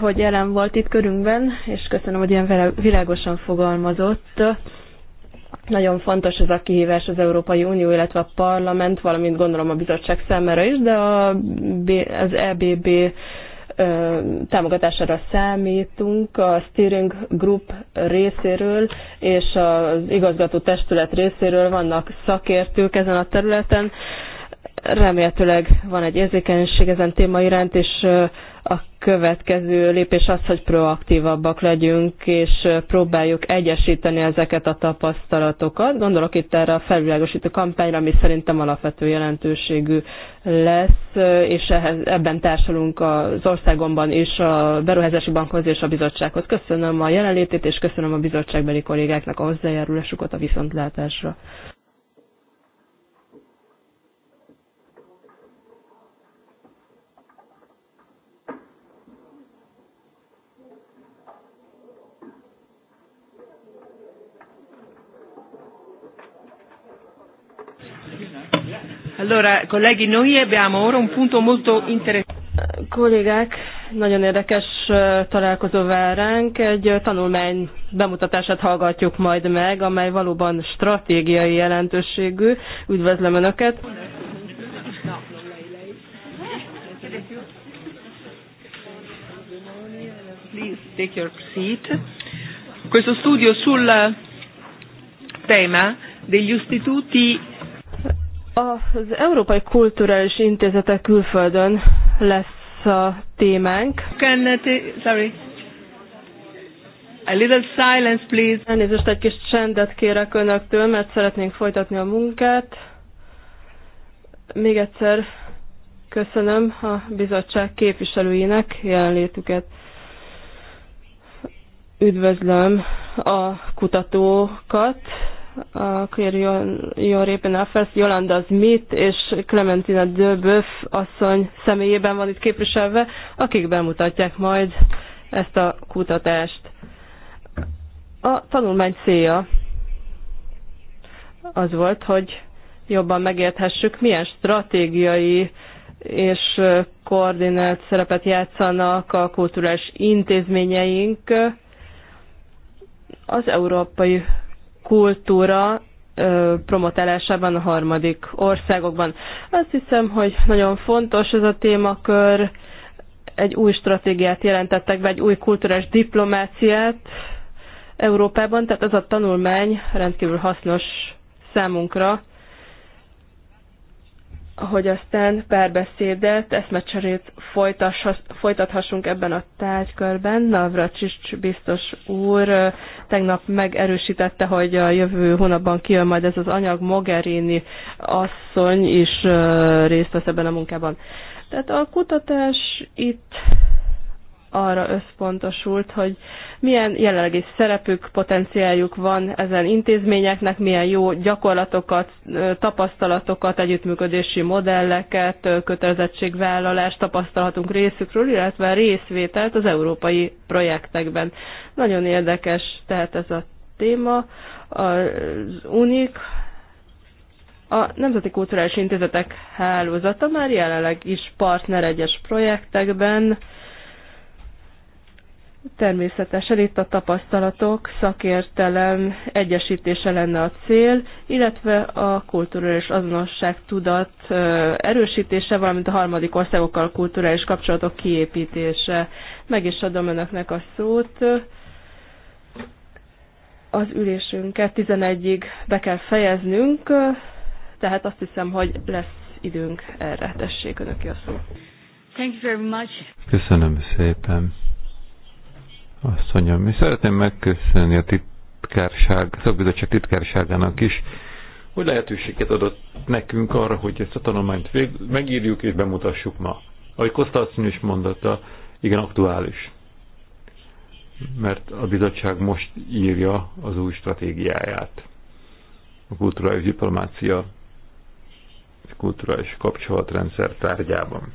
hogy jelen volt itt körünkben, és köszönöm, hogy ilyen világosan fogalmazott. Nagyon fontos ez a kihívás az Európai Unió, illetve a parlament, valamint gondolom a bizottság számára is, de a, az EBB támogatására számítunk a steering group részéről és az igazgató testület részéről vannak szakértők ezen a területen. Remélhetőleg van egy érzékenység ezen téma iránt, és a következő lépés az, hogy proaktívabbak legyünk, és próbáljuk egyesíteni ezeket a tapasztalatokat. Gondolok itt erre a felvilágosító kampányra, ami szerintem alapvető jelentőségű lesz és ehhez, ebben társulunk az országomban is a Beruházási Bankhoz és a bizottsághoz. Köszönöm a jelenlétét, és köszönöm a bizottságbeli kollégáknak a hozzájárulásukat a viszontlátásra. Allora, colleghi, noi abbiamo ora un punto molto interessante. Kollégák, nagyon érdekes találkozó vár ránk. Egy tanulmány bemutatását hallgatjuk majd meg, amely valóban stratégiai jelentőségű. Üdvözlöm Önöket! Please take your seat. Questo studio sul eh, tema degli istituti az Európai Kulturális Intézetek külföldön lesz a témánk. Can, uh, sorry. A little silence, please. Elnézést, egy kis csendet kérek önöktől, mert szeretnénk folytatni a munkát. Még egyszer köszönöm a bizottság képviselőinek jelenlétüket. Üdvözlöm a kutatókat, a Queer Your Éppen Affairs, Jolanda mit, és Clementina Döböf asszony személyében van itt képviselve, akik bemutatják majd ezt a kutatást. A tanulmány célja az volt, hogy jobban megérthessük, milyen stratégiai és koordinált szerepet játszanak a kulturális intézményeink az európai kultúra promotálásában a harmadik országokban. Azt hiszem, hogy nagyon fontos ez a témakör, egy új stratégiát jelentettek be, egy új kulturális diplomáciát Európában, tehát ez a tanulmány rendkívül hasznos számunkra, hogy aztán párbeszédet, eszmecserét folytathassunk ebben a tárgykörben. Navracsics biztos úr tegnap megerősítette, hogy a jövő hónapban kijön majd ez az anyag. Mogherini asszony is részt vesz ebben a munkában. Tehát a kutatás itt arra összpontosult, hogy milyen jelenlegi szerepük, potenciáljuk van ezen intézményeknek, milyen jó gyakorlatokat, tapasztalatokat, együttműködési modelleket, kötelezettségvállalást tapasztalhatunk részükről, illetve részvételt az európai projektekben. Nagyon érdekes tehát ez a téma. Az UNIK a Nemzeti Kulturális Intézetek Hálózata már jelenleg is partner egyes projektekben, Természetesen itt a tapasztalatok, szakértelem egyesítése lenne a cél, illetve a kulturális azonosság tudat erősítése, valamint a harmadik országokkal kulturális kapcsolatok kiépítése. Meg is adom önöknek a szót. Az ülésünket 11-ig be kell fejeznünk, tehát azt hiszem, hogy lesz időnk erre. Tessék önök a szót. Thank you very much. Köszönöm szépen asszonyom. mi szeretném megköszönni a titkárság, a szakbizottság titkárságának is, hogy lehetőséget adott nekünk arra, hogy ezt a tanulmányt megírjuk és bemutassuk ma. Ahogy Kosta is mondotta, igen aktuális. Mert a bizottság most írja az új stratégiáját. A kulturális diplomácia kulturális kapcsolatrendszer tárgyában.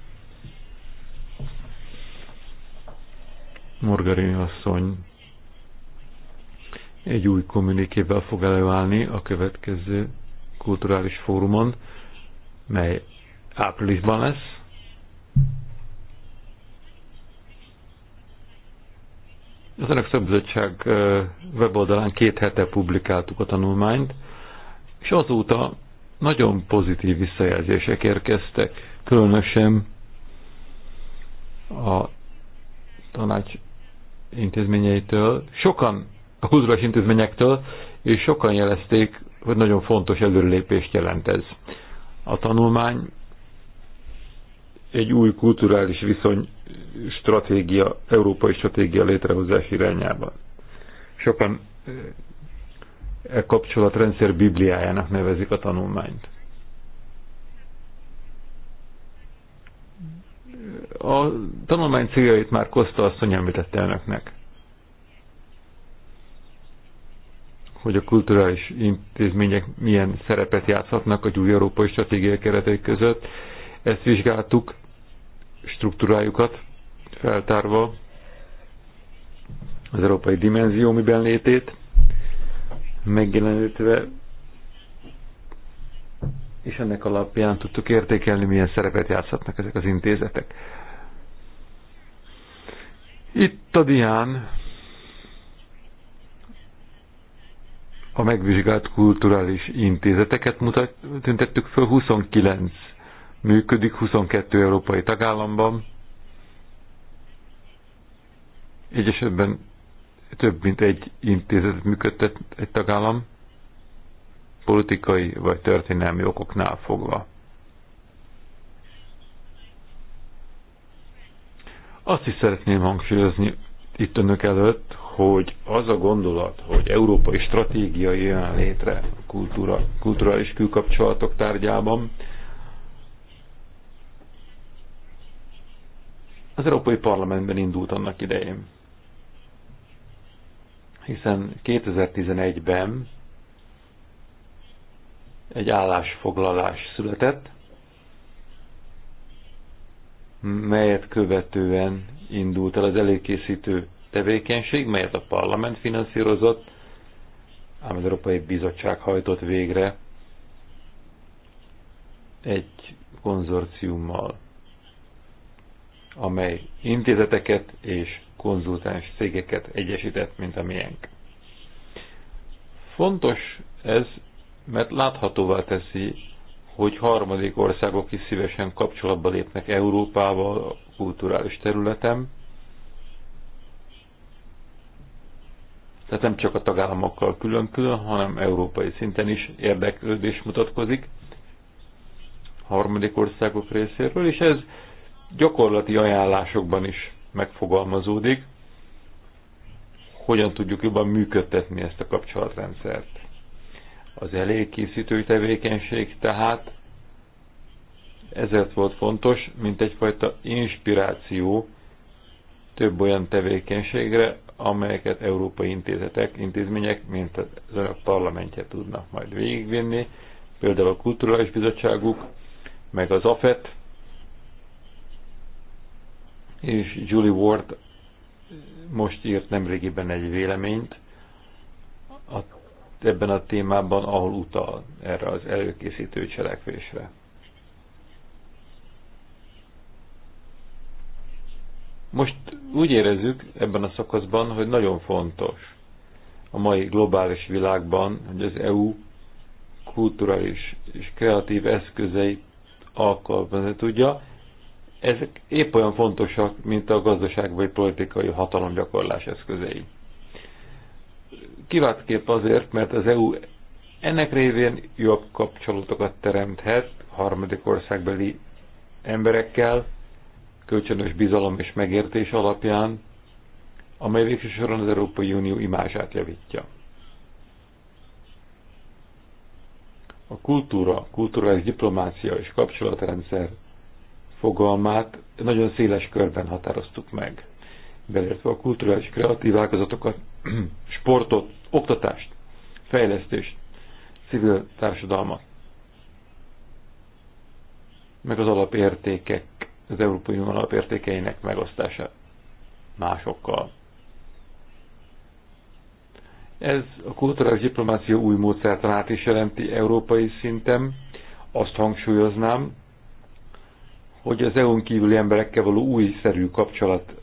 Margarini asszony egy új kommunikével fog előállni a következő kulturális fórumon, mely áprilisban lesz. Az Önök Szakbizottság weboldalán két hete publikáltuk a tanulmányt, és azóta nagyon pozitív visszajelzések érkeztek, különösen a tanács intézményeitől, sokan a kulturális intézményektől, és sokan jelezték, hogy nagyon fontos előrelépést jelent ez. A tanulmány egy új kulturális viszony stratégia, európai stratégia létrehozás irányában. Sokan eh, e kapcsolatrendszer bibliájának nevezik a tanulmányt. A tanulmány céljait már Koszta asszony említette elnöknek. hogy a kulturális intézmények milyen szerepet játszhatnak a új európai stratégiai keretek között. Ezt vizsgáltuk, struktúrájukat feltárva, az európai dimenzió miben létét, megjelenítve, és ennek alapján tudtuk értékelni, milyen szerepet játszhatnak ezek az intézetek. Itt a dián a megvizsgált kulturális intézeteket mutat, tüntettük föl, 29 működik, 22 európai tagállamban. Egy esetben több mint egy intézet működtet egy tagállam, politikai vagy történelmi okoknál fogva. Azt is szeretném hangsúlyozni itt önök előtt, hogy az a gondolat, hogy európai stratégia jön létre kultúra, kulturális külkapcsolatok tárgyában, az Európai Parlamentben indult annak idején. Hiszen 2011-ben egy állásfoglalás született, melyet követően indult el az előkészítő tevékenység, melyet a parlament finanszírozott, ám az Európai Bizottság hajtott végre egy konzorciummal, amely intézeteket és konzultáns cégeket egyesített, mint a miénk. Fontos ez, mert láthatóvá teszi hogy harmadik országok is szívesen kapcsolatba lépnek Európával a kulturális területen. Tehát nem csak a tagállamokkal külön-külön, hanem európai szinten is érdeklődés mutatkozik harmadik országok részéről, és ez gyakorlati ajánlásokban is megfogalmazódik, hogyan tudjuk jobban működtetni ezt a kapcsolatrendszert az elékészítői tevékenység tehát ezért volt fontos, mint egyfajta inspiráció több olyan tevékenységre, amelyeket európai intézetek, intézmények, mint az önök parlamentje tudnak majd végigvinni, például a Kulturális Bizottságuk, meg az AFET, és Julie Ward most írt nemrégiben egy véleményt a ebben a témában, ahol utal erre az előkészítő cselekvésre. Most úgy érezzük ebben a szakaszban, hogy nagyon fontos a mai globális világban, hogy az EU kulturális és kreatív eszközei alkalmazni tudja. Ezek épp olyan fontosak, mint a gazdaság vagy politikai hatalomgyakorlás eszközei kiváltképp azért, mert az EU ennek révén jobb kapcsolatokat teremthet harmadik országbeli emberekkel, kölcsönös bizalom és megértés alapján, amely végső soron az Európai Unió imását javítja. A kultúra, kulturális diplomácia és kapcsolatrendszer fogalmát nagyon széles körben határoztuk meg beleértve a kulturális kreatív ágazatokat, sportot, oktatást, fejlesztést, civil társadalmat, meg az alapértékek, az Európai Unió alapértékeinek megosztását másokkal. Ez a kulturális diplomácia új módszertanát is jelenti európai szinten. Azt hangsúlyoznám, hogy az EU-n kívüli emberekkel való újszerű kapcsolat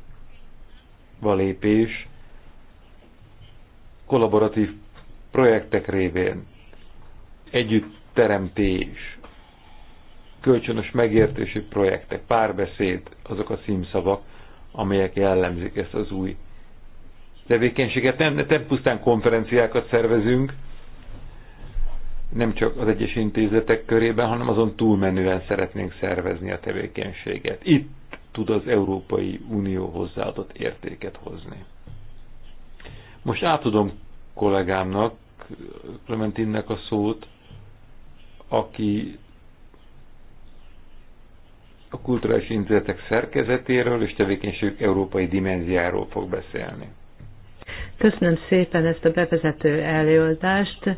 lépés kollaboratív projektek révén együtt teremtés, kölcsönös megértési projektek, párbeszéd, azok a címszavak, amelyek jellemzik ezt az új tevékenységet. Nem, nem pusztán konferenciákat szervezünk, nem csak az egyes intézetek körében, hanem azon túlmenően szeretnénk szervezni a tevékenységet. Itt tud az Európai Unió hozzáadott értéket hozni. Most átadom kollégámnak, Clementinnek a szót, aki a kulturális intézetek szerkezetéről és tevékenységük európai dimenziáról fog beszélni. Köszönöm szépen ezt a bevezető előadást.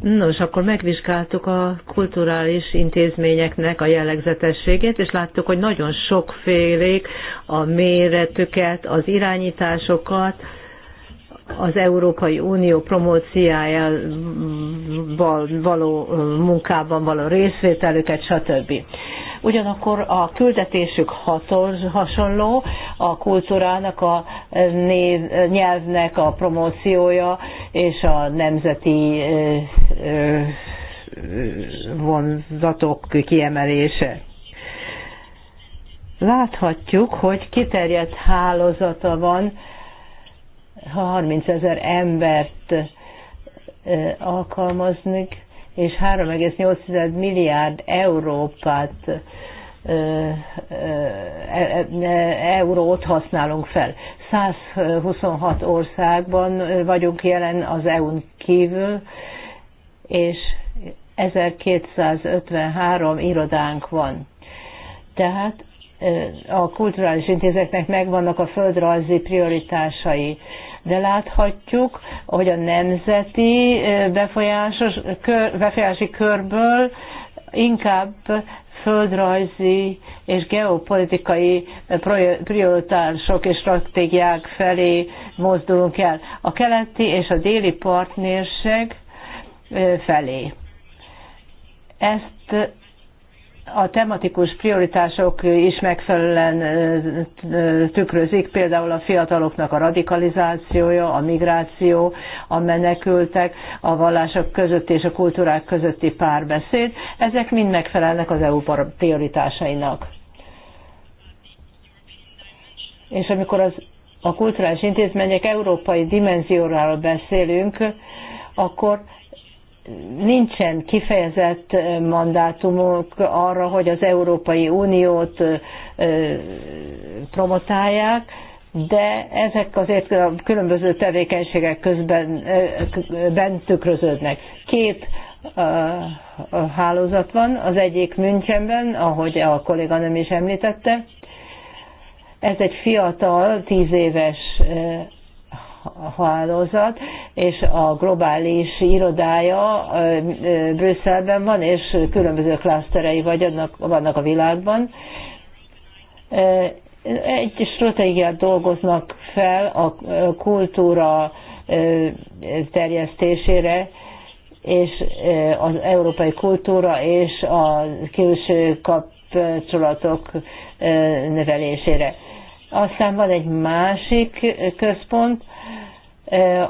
Nos, akkor megvizsgáltuk a kulturális intézményeknek a jellegzetességét, és láttuk, hogy nagyon sokfélék a méretüket, az irányításokat, az Európai Unió promóciájával való munkában való részvételüket, stb ugyanakkor a küldetésük hasonló, a kultúrának, a eh, név, eh, nyelvnek a promóciója és a nemzeti eh, vonzatok kiemelése. Láthatjuk, hogy kiterjedt hálózata van, ha 30 ezer embert alkalmazni, és 3,8 milliárd Európát e, e, eurót használunk fel. 126 országban vagyunk jelen az EU-n kívül, és 1253 irodánk van. Tehát a kulturális intézeteknek megvannak a földrajzi prioritásai de láthatjuk, hogy a nemzeti befolyásos, kör, befolyási körből inkább földrajzi és geopolitikai prioritások és stratégiák felé mozdulunk el. A keleti és a déli partnerség felé. Ezt a tematikus prioritások is megfelelően tükrözik, például a fiataloknak a radikalizációja, a migráció, a menekültek, a vallások között és a kultúrák közötti párbeszéd, ezek mind megfelelnek az EU prioritásainak. És amikor az, a kulturális intézmények európai dimenzióról beszélünk, akkor nincsen kifejezett mandátumok arra, hogy az Európai Uniót promotálják, de ezek azért a különböző tevékenységek közben bent tükröződnek. Két hálózat van, az egyik Münchenben, ahogy a nem is említette, ez egy fiatal, tíz éves hálózat, és a globális irodája Brüsszelben van, és különböző klaszterei vannak a világban. Egy stratégiát dolgoznak fel a kultúra terjesztésére, és az európai kultúra és a külső kapcsolatok növelésére. Aztán van egy másik központ,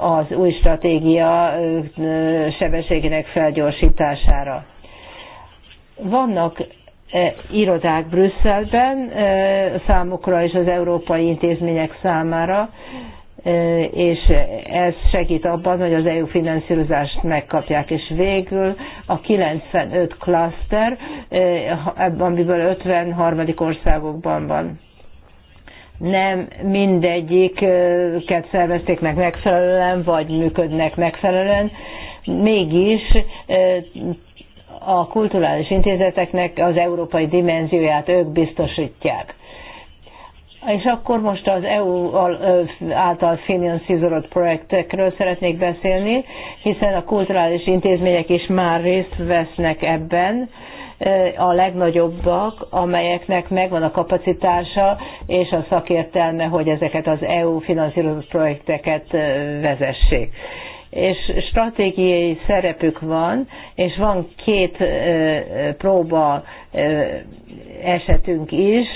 az új stratégia sebességének felgyorsítására. Vannak irodák Brüsszelben számukra és az európai intézmények számára, és ez segít abban, hogy az EU finanszírozást megkapják, és végül a 95 klaszter, amiből 53. országokban van nem mindegyiket szervezték meg megfelelően, vagy működnek megfelelően, mégis a kulturális intézeteknek az európai dimenzióját ők biztosítják. És akkor most az EU által finanszírozott projektekről szeretnék beszélni, hiszen a kulturális intézmények is már részt vesznek ebben a legnagyobbak, amelyeknek megvan a kapacitása és a szakértelme, hogy ezeket az EU finanszírozott projekteket vezessék és stratégiai szerepük van, és van két próba esetünk is,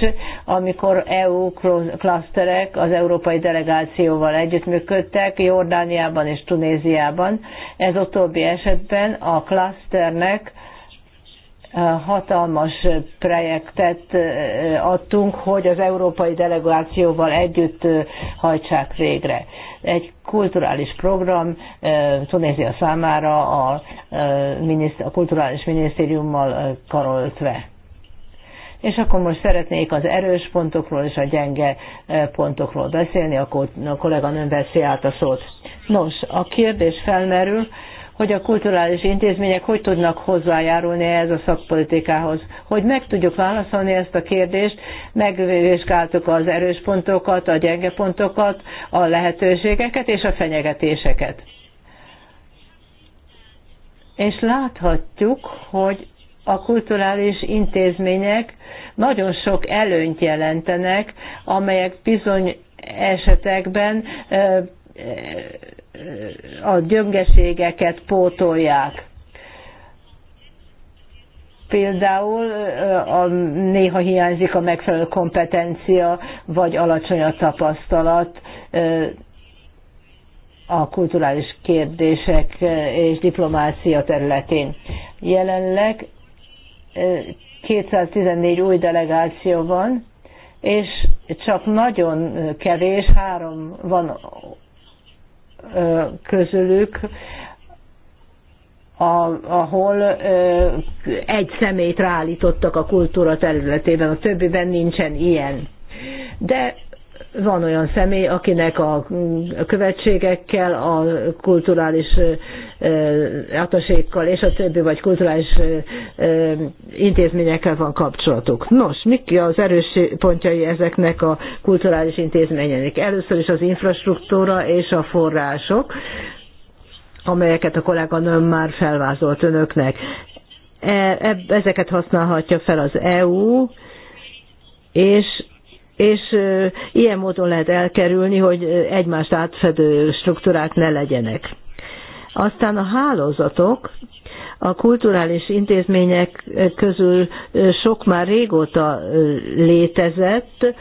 amikor EU klaszterek az európai delegációval együttműködtek Jordániában és Tunéziában. Ez utóbbi esetben a klaszternek hatalmas projektet adtunk, hogy az európai delegációval együtt hajtsák végre. Egy kulturális program Tunézia számára a, a kulturális minisztériummal karoltve. És akkor most szeretnék az erős pontokról és a gyenge pontokról beszélni, akkor a kolléganőm veszi át a szót. Nos, a kérdés felmerül, hogy a kulturális intézmények hogy tudnak hozzájárulni ehhez a szakpolitikához. Hogy meg tudjuk válaszolni ezt a kérdést, megvizsgáltuk az erős pontokat, a gyenge pontokat, a lehetőségeket és a fenyegetéseket. És láthatjuk, hogy a kulturális intézmények nagyon sok előnyt jelentenek, amelyek bizony esetekben a gyöngeségeket pótolják. Például a, néha hiányzik a megfelelő kompetencia, vagy alacsony a tapasztalat a kulturális kérdések és diplomácia területén. Jelenleg 214 új delegáció van, és csak nagyon kevés, három van közülük, ahol egy szemét ráállítottak a kultúra területében, a többiben nincsen ilyen. De van olyan személy, akinek a követségekkel, a kulturális atasékkal és a többi, vagy kulturális intézményekkel van kapcsolatuk. Nos, mik az erős pontjai ezeknek a kulturális intézményeknek? Először is az infrastruktúra és a források amelyeket a kolléganőm már felvázolt önöknek. E, e, ezeket használhatja fel az EU, és és ilyen módon lehet elkerülni, hogy egymást átfedő struktúrák ne legyenek. Aztán a hálózatok, a kulturális intézmények közül sok már régóta létezett,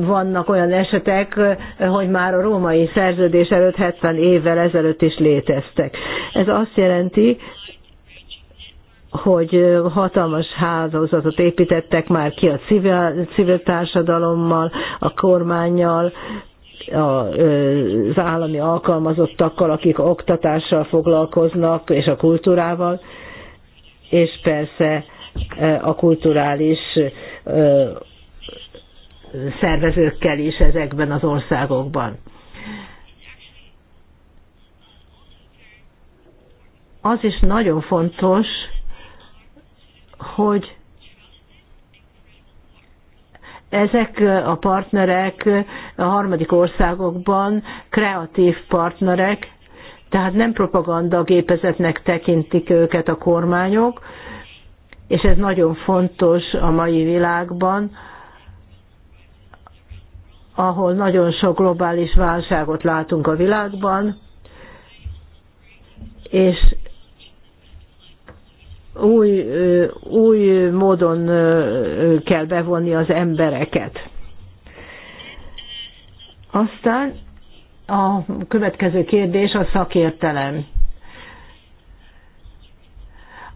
vannak olyan esetek, hogy már a római szerződés előtt 70 évvel ezelőtt is léteztek. Ez azt jelenti, hogy hatalmas hálózatot építettek már ki a civil, civil társadalommal, a kormányjal, az állami alkalmazottakkal, akik oktatással foglalkoznak, és a kultúrával, és persze a kulturális szervezőkkel is ezekben az országokban. Az is nagyon fontos, hogy ezek a partnerek a harmadik országokban kreatív partnerek, tehát nem propaganda gépezetnek tekintik őket a kormányok, és ez nagyon fontos a mai világban, ahol nagyon sok globális válságot látunk a világban, és új, új módon kell bevonni az embereket. Aztán a következő kérdés a szakértelem.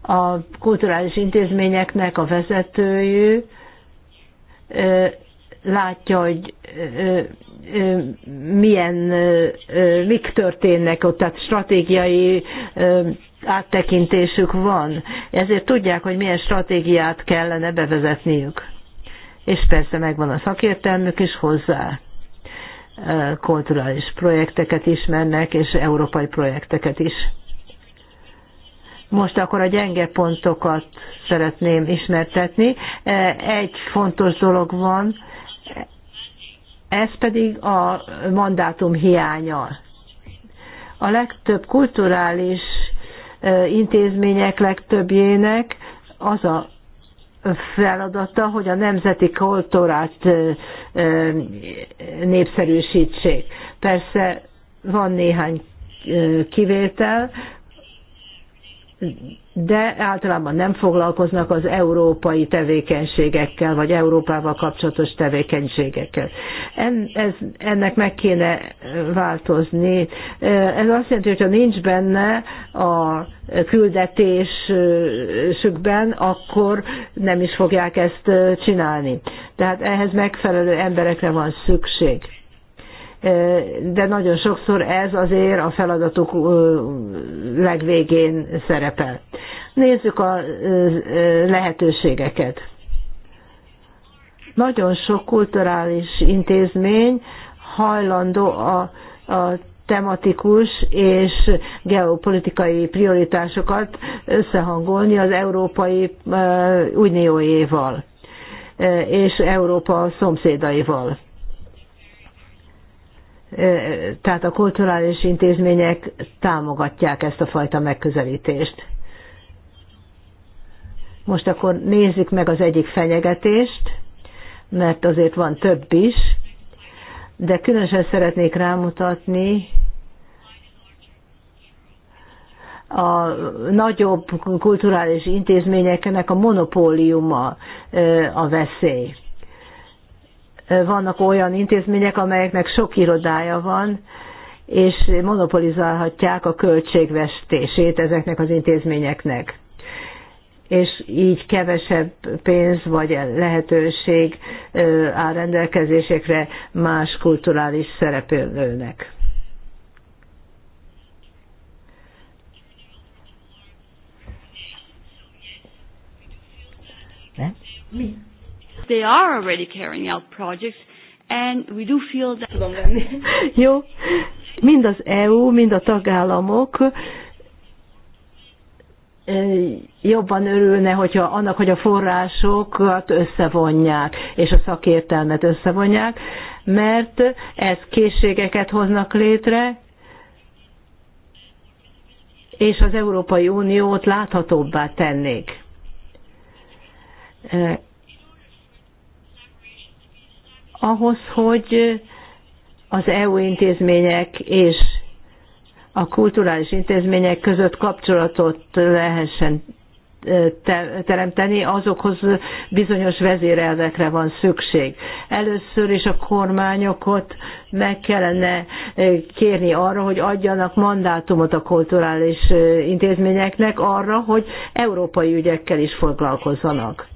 A kulturális intézményeknek a vezetőjű látja, hogy milyen, mik történnek ott, tehát stratégiai áttekintésük van. Ezért tudják, hogy milyen stratégiát kellene bevezetniük. És persze megvan a szakértelmük is hozzá. Kulturális projekteket ismernek, és európai projekteket is. Most akkor a gyenge pontokat szeretném ismertetni. Egy fontos dolog van, ez pedig a mandátum hiánya. A legtöbb kulturális intézmények legtöbbjének az a feladata, hogy a nemzeti kultúrát népszerűsítsék. Persze van néhány kivétel, de általában nem foglalkoznak az európai tevékenységekkel, vagy Európával kapcsolatos tevékenységekkel. En, ez, ennek meg kéne változni. Ez azt jelenti, hogy ha nincs benne a küldetésükben, akkor nem is fogják ezt csinálni. Tehát ehhez megfelelő emberekre van szükség de nagyon sokszor ez azért a feladatuk legvégén szerepel. Nézzük a lehetőségeket. Nagyon sok kulturális intézmény hajlandó a, a tematikus és geopolitikai prioritásokat összehangolni az Európai Unióéval és Európa szomszédaival tehát a kulturális intézmények támogatják ezt a fajta megközelítést. Most akkor nézzük meg az egyik fenyegetést, mert azért van több is, de különösen szeretnék rámutatni a nagyobb kulturális intézményeknek a monopóliuma a veszély vannak olyan intézmények, amelyeknek sok irodája van, és monopolizálhatják a költségvestését ezeknek az intézményeknek. És így kevesebb pénz vagy lehetőség áll rendelkezésekre más kulturális szereplőnek. Mi? they are already carrying out projects, and we do feel that... Jó. Mind az EU, mind a tagállamok eh, jobban örülne, hogyha annak, hogy a forrásokat összevonják, és a szakértelmet összevonják, mert ez készségeket hoznak létre, és az Európai Uniót láthatóbbá tennék. Eh, ahhoz, hogy az EU intézmények és a kulturális intézmények között kapcsolatot lehessen teremteni, azokhoz bizonyos vezérelvekre van szükség. Először is a kormányokat meg kellene kérni arra, hogy adjanak mandátumot a kulturális intézményeknek arra, hogy európai ügyekkel is foglalkozzanak.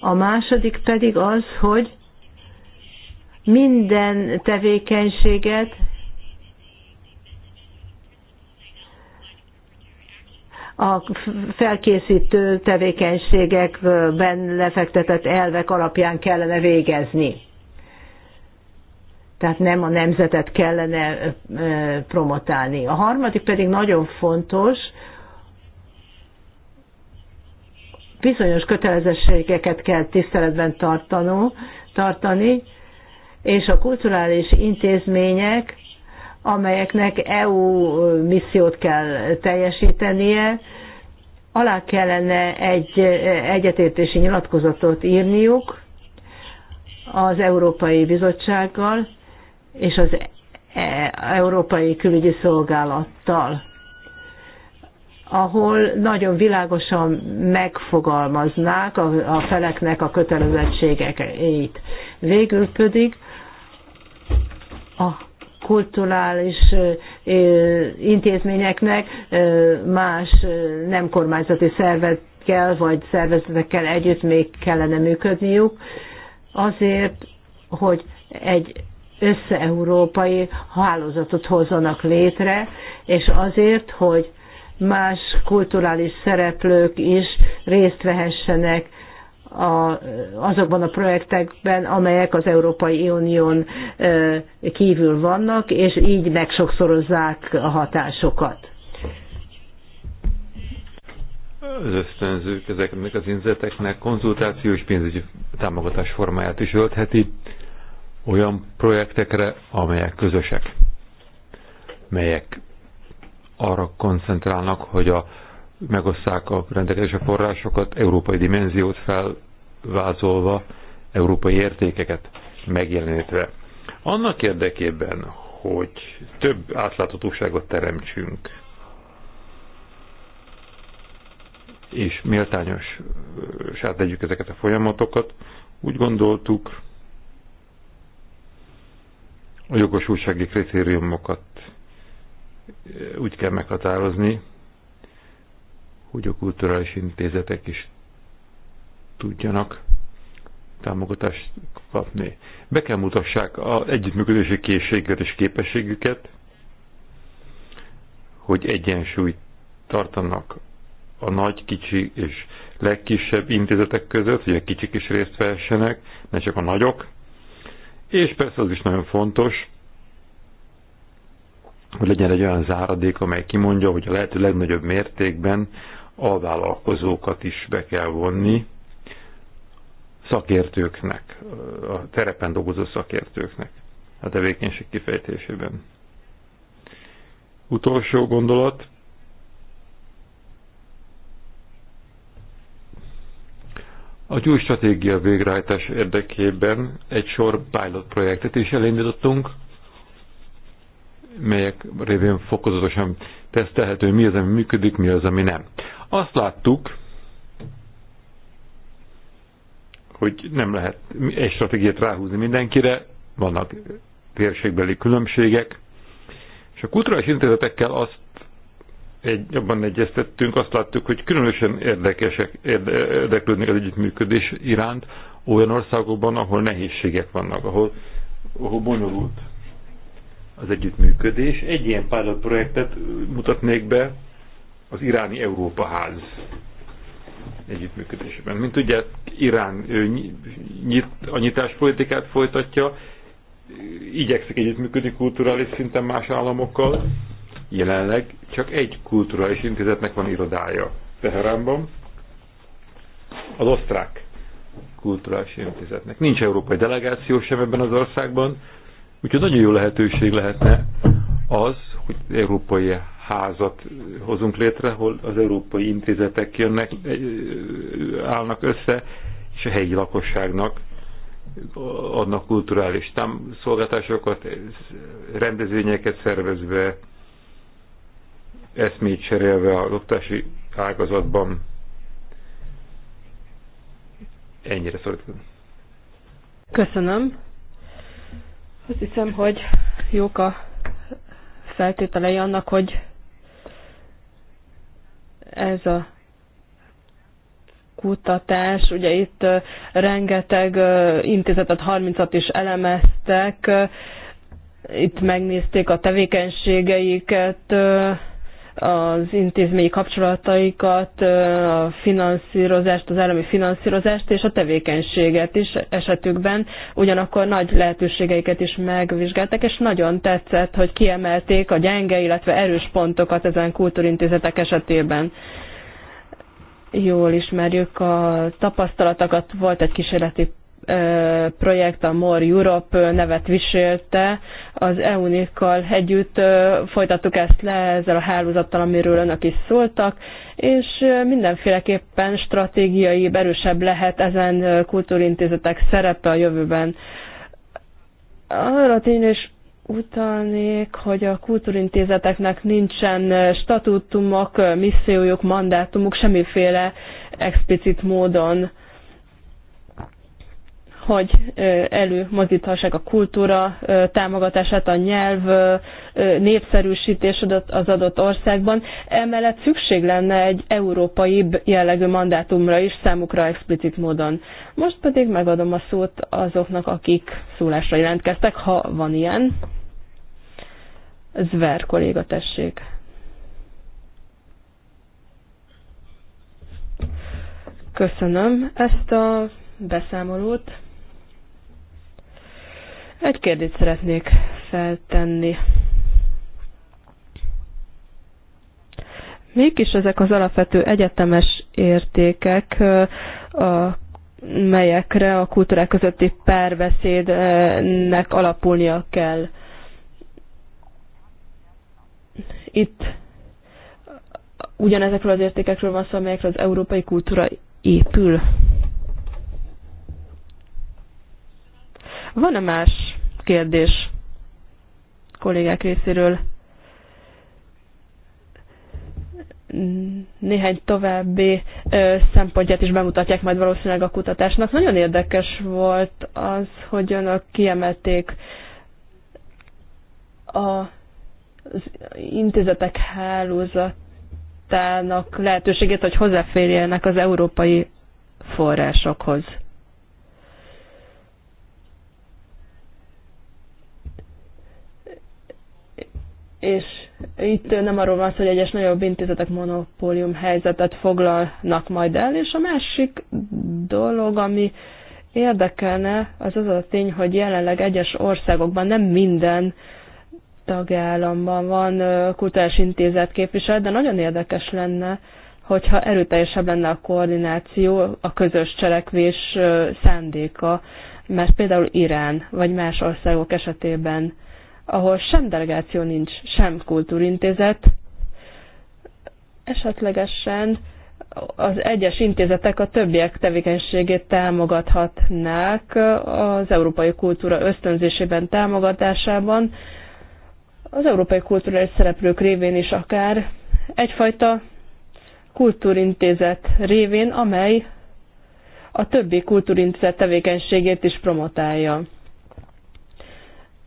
A második pedig az, hogy minden tevékenységet, a felkészítő tevékenységekben lefektetett elvek alapján kellene végezni. Tehát nem a nemzetet kellene promotálni. A harmadik pedig nagyon fontos, bizonyos kötelezettségeket kell tiszteletben tartanó, tartani, és a kulturális intézmények, amelyeknek EU missziót kell teljesítenie, alá kellene egy egyetértési nyilatkozatot írniuk az Európai Bizottsággal és az e, Európai Külügyi Szolgálattal, ahol nagyon világosan megfogalmaznák a feleknek a kötelezettségeit. Végül pedig a kulturális intézményeknek más nem kormányzati szervekkel vagy szervezetekkel együtt még kellene működniük, azért, hogy egy össze-európai hálózatot hozzanak létre, és azért, hogy más kulturális szereplők is részt vehessenek a, azokban a projektekben, amelyek az Európai Unión kívül vannak, és így megsokszorozzák a hatásokat. Az ösztönzők ezeknek az inzeteknek konzultációs pénzügyi támogatás formáját is öltheti olyan projektekre, amelyek közösek, melyek arra koncentrálnak, hogy a megosszák a rendelkezésre forrásokat, európai dimenziót felvázolva, európai értékeket megjelenítve. Annak érdekében, hogy több átláthatóságot teremtsünk, és méltányos tegyük ezeket a folyamatokat, úgy gondoltuk, a jogosultsági kritériumokat úgy kell meghatározni, hogy a kulturális intézetek is tudjanak támogatást kapni. Be kell mutassák az együttműködési készségüket és képességüket, hogy egyensúlyt tartanak a nagy, kicsi és legkisebb intézetek között, hogy a kicsik is részt vehessenek, ne csak a nagyok. És persze az is nagyon fontos, hogy legyen egy olyan záradék, amely kimondja, hogy a lehető legnagyobb mértékben alvállalkozókat is be kell vonni, szakértőknek, a terepen dolgozó szakértőknek a tevékenység kifejtésében. Utolsó gondolat. A gyúj stratégia végrehajtás érdekében egy sor pilot projektet is elindítottunk, melyek révén fokozatosan tesztelhető, mi az, ami működik, mi az, ami nem. Azt láttuk, hogy nem lehet egy stratégiát ráhúzni mindenkire, vannak térségbeli különbségek, és a kulturális intézetekkel azt egy, abban egyeztettünk, azt láttuk, hogy különösen érdekesek, érdeklődnek az együttműködés iránt olyan országokban, ahol nehézségek vannak, ahol, ahol bonyolult az együttműködés. Egy ilyen pilot projektet mutatnék be az iráni Európa ház együttműködésében. Mint ugye Irán nyit, a nyitáspolitikát folytatja, igyekszik együttműködni kulturális szinten más államokkal. Jelenleg csak egy kulturális intézetnek van irodája Teheránban, az osztrák kulturális intézetnek. Nincs európai delegáció sem ebben az országban, Úgyhogy nagyon jó lehetőség lehetne az, hogy európai házat hozunk létre, hol az európai intézetek jönnek, állnak össze, és a helyi lakosságnak adnak kulturális tám szolgáltatásokat, rendezvényeket szervezve, eszmét cserélve a oktási ágazatban. Ennyire szólítom. Köszönöm. Azt hiszem, hogy jók a feltételei annak, hogy ez a kutatás, ugye itt rengeteg intézetet, 30-at is elemeztek, itt megnézték a tevékenységeiket, az intézményi kapcsolataikat, a finanszírozást, az állami finanszírozást és a tevékenységet is esetükben. Ugyanakkor nagy lehetőségeiket is megvizsgáltak és nagyon tetszett, hogy kiemelték a gyenge, illetve erős pontokat ezen kultúrintézetek esetében. Jól ismerjük a tapasztalatokat, volt egy kísérleti projekt, a More Europe nevet viselte. Az eu kal együtt folytattuk ezt le ezzel a hálózattal, amiről önök is szóltak, és mindenféleképpen stratégiai erősebb lehet ezen kultúrintézetek szerepe a jövőben. Arra tényleg is utalnék, hogy a kultúrintézeteknek nincsen statútumok, missziójuk, mandátumuk, semmiféle explicit módon hogy előmozdíthassák a kultúra támogatását, a nyelv népszerűsítés az adott országban. Emellett szükség lenne egy európai jellegű mandátumra is számukra explicit módon. Most pedig megadom a szót azoknak, akik szólásra jelentkeztek, ha van ilyen. Zver kolléga, tessék. Köszönöm ezt a beszámolót. Egy kérdést szeretnék feltenni. Mégis ezek az alapvető egyetemes értékek, a, melyekre a kultúrák közötti párbeszédnek alapulnia kell. Itt ugyanezekről az értékekről van szó, amelyekre az európai kultúra épül. Van-e más kérdés kollégák részéről. Néhány további ö, szempontját is bemutatják majd valószínűleg a kutatásnak. Nagyon érdekes volt az, hogy önök kiemelték a, az intézetek hálózatának lehetőségét, hogy hozzáférjenek az európai forrásokhoz. és itt nem arról van szó, hogy egyes nagyobb intézetek monopólium helyzetet foglalnak majd el, és a másik dolog, ami érdekelne, az az a tény, hogy jelenleg egyes országokban nem minden tagállamban van kultúrás intézet képviselet, de nagyon érdekes lenne, hogyha erőteljesebb lenne a koordináció, a közös cselekvés szándéka, mert például Irán vagy más országok esetében ahol sem delegáció nincs, sem kultúrintézet, esetlegesen az egyes intézetek a többiek tevékenységét támogathatnák az európai kultúra ösztönzésében, támogatásában, az európai kulturális szereplők révén is akár egyfajta kultúrintézet révén, amely a többi kultúrintézet tevékenységét is promotálja.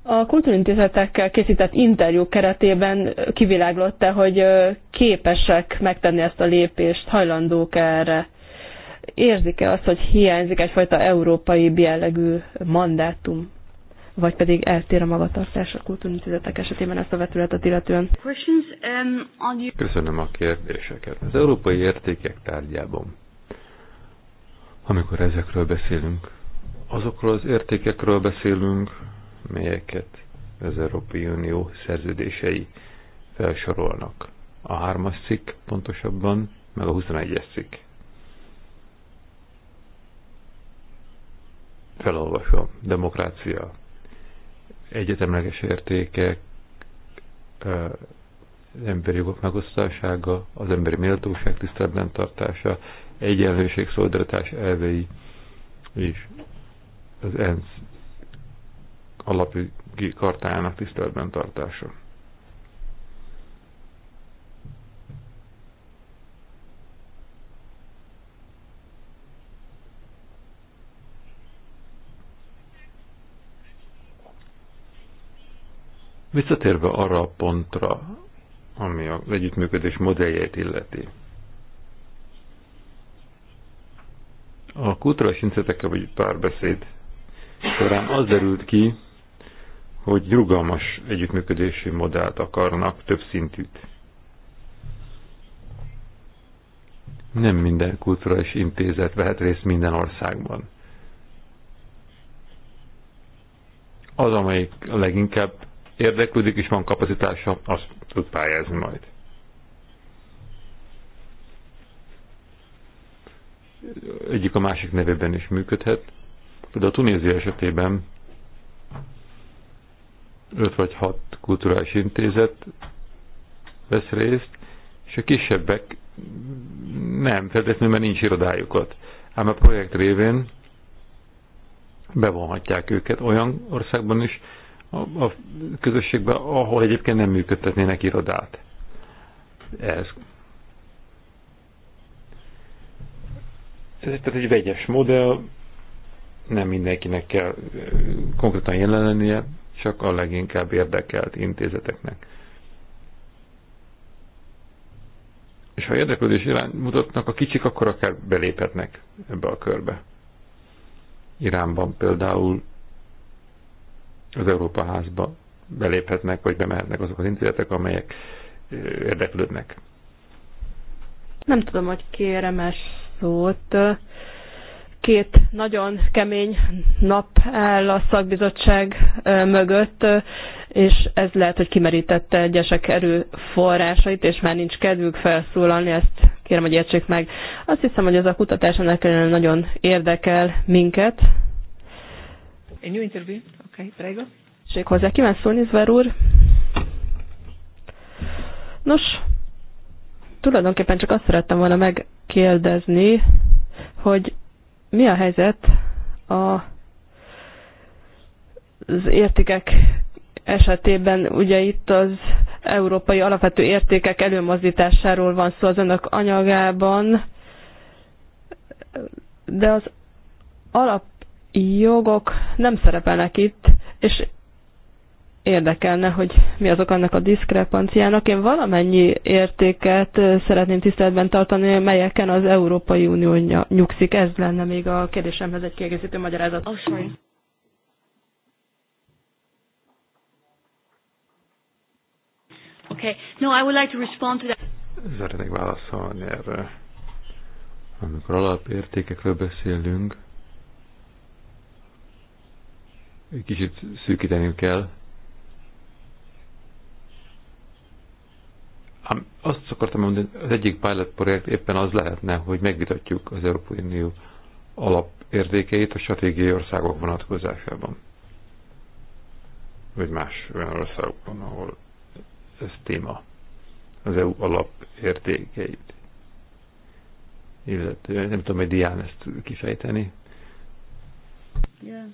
A kultúrintézetekkel készített interjú keretében kiviláglott-e, hogy képesek megtenni ezt a lépést, hajlandók -e erre? Érzik-e azt, hogy hiányzik egyfajta európai jellegű mandátum? Vagy pedig eltér a magatartás a kultúrintézetek esetében ezt a vetületet illetően? Um, Köszönöm a kérdéseket. Az európai értékek tárgyában, amikor ezekről beszélünk, azokról az értékekről beszélünk, melyeket az Európai Unió szerződései felsorolnak. A hármas cikk pontosabban, meg a 21-es cikk. Felolvasom. Demokrácia. Egyetemleges értékek, az emberi jogok megosztásága, az emberi méltóság tiszteletben tartása, egyenlőség, szolidaritás elvei és az ENSZ alapjogi kartájának tiszteletben tartása. Visszatérve arra a pontra, ami az együttműködés modelljeit illeti. A kulturális incetekkel vagy párbeszéd során az derült ki, hogy rugalmas együttműködési modellt akarnak, több szintűt. Nem minden kulturális intézet vehet részt minden országban. Az, amelyik leginkább érdeklődik és van kapacitása, azt tud pályázni majd. Egyik a másik nevében is működhet. De a Tunézia esetében öt vagy hat kulturális intézet vesz részt, és a kisebbek nem, feltétlenül, mert nincs irodájukat. Ám a projekt révén bevonhatják őket olyan országban is, a, a közösségbe, ahol egyébként nem működtetnének irodát. Ez. Ez tehát egy vegyes modell, nem mindenkinek kell konkrétan jelen lennie, csak a leginkább érdekelt intézeteknek. És ha érdeklődés irány mutatnak a kicsik, akkor akár beléphetnek ebbe a körbe. Iránban például az Európa házba beléphetnek, vagy bemehetnek azok az intézetek, amelyek érdeklődnek. Nem tudom, hogy kérem-e szót két nagyon kemény nap áll a szakbizottság mögött, és ez lehet, hogy kimerítette egyesek erőforrásait, és már nincs kedvük felszólalni, ezt kérem, hogy értsék meg. Azt hiszem, hogy ez a kutatás ennek ellenére nagyon érdekel minket. Egy new interview? Oké, okay, prego. Ség hozzá kíván szólni, Zver úr. Nos, tulajdonképpen csak azt szerettem volna megkérdezni, hogy mi a helyzet a, az értékek esetében, ugye itt az európai alapvető értékek előmozdításáról van szó az önök anyagában, de az alapjogok nem szerepelnek itt, és érdekelne, hogy mi azok annak a diszkrepanciának. Én valamennyi értéket szeretném tiszteletben tartani, melyeken az Európai Unió nyugszik. Ez lenne még a kérdésemhez egy kiegészítő magyarázat. Oh, Okay. No, I would like to respond to that. Szeretnék válaszolni erre. Amikor alapértékekről beszélünk, egy kicsit szűkíteni kell Ám azt szoktam mondani, az egyik pilot projekt éppen az lehetne, hogy megvitatjuk az Európai Unió alapértékeit a stratégiai országok vonatkozásában. Vagy más olyan országokban, ahol ez téma. Az EU alapértékeit. Illetve nem tudom, hogy Dián ezt kifejteni. Yeah.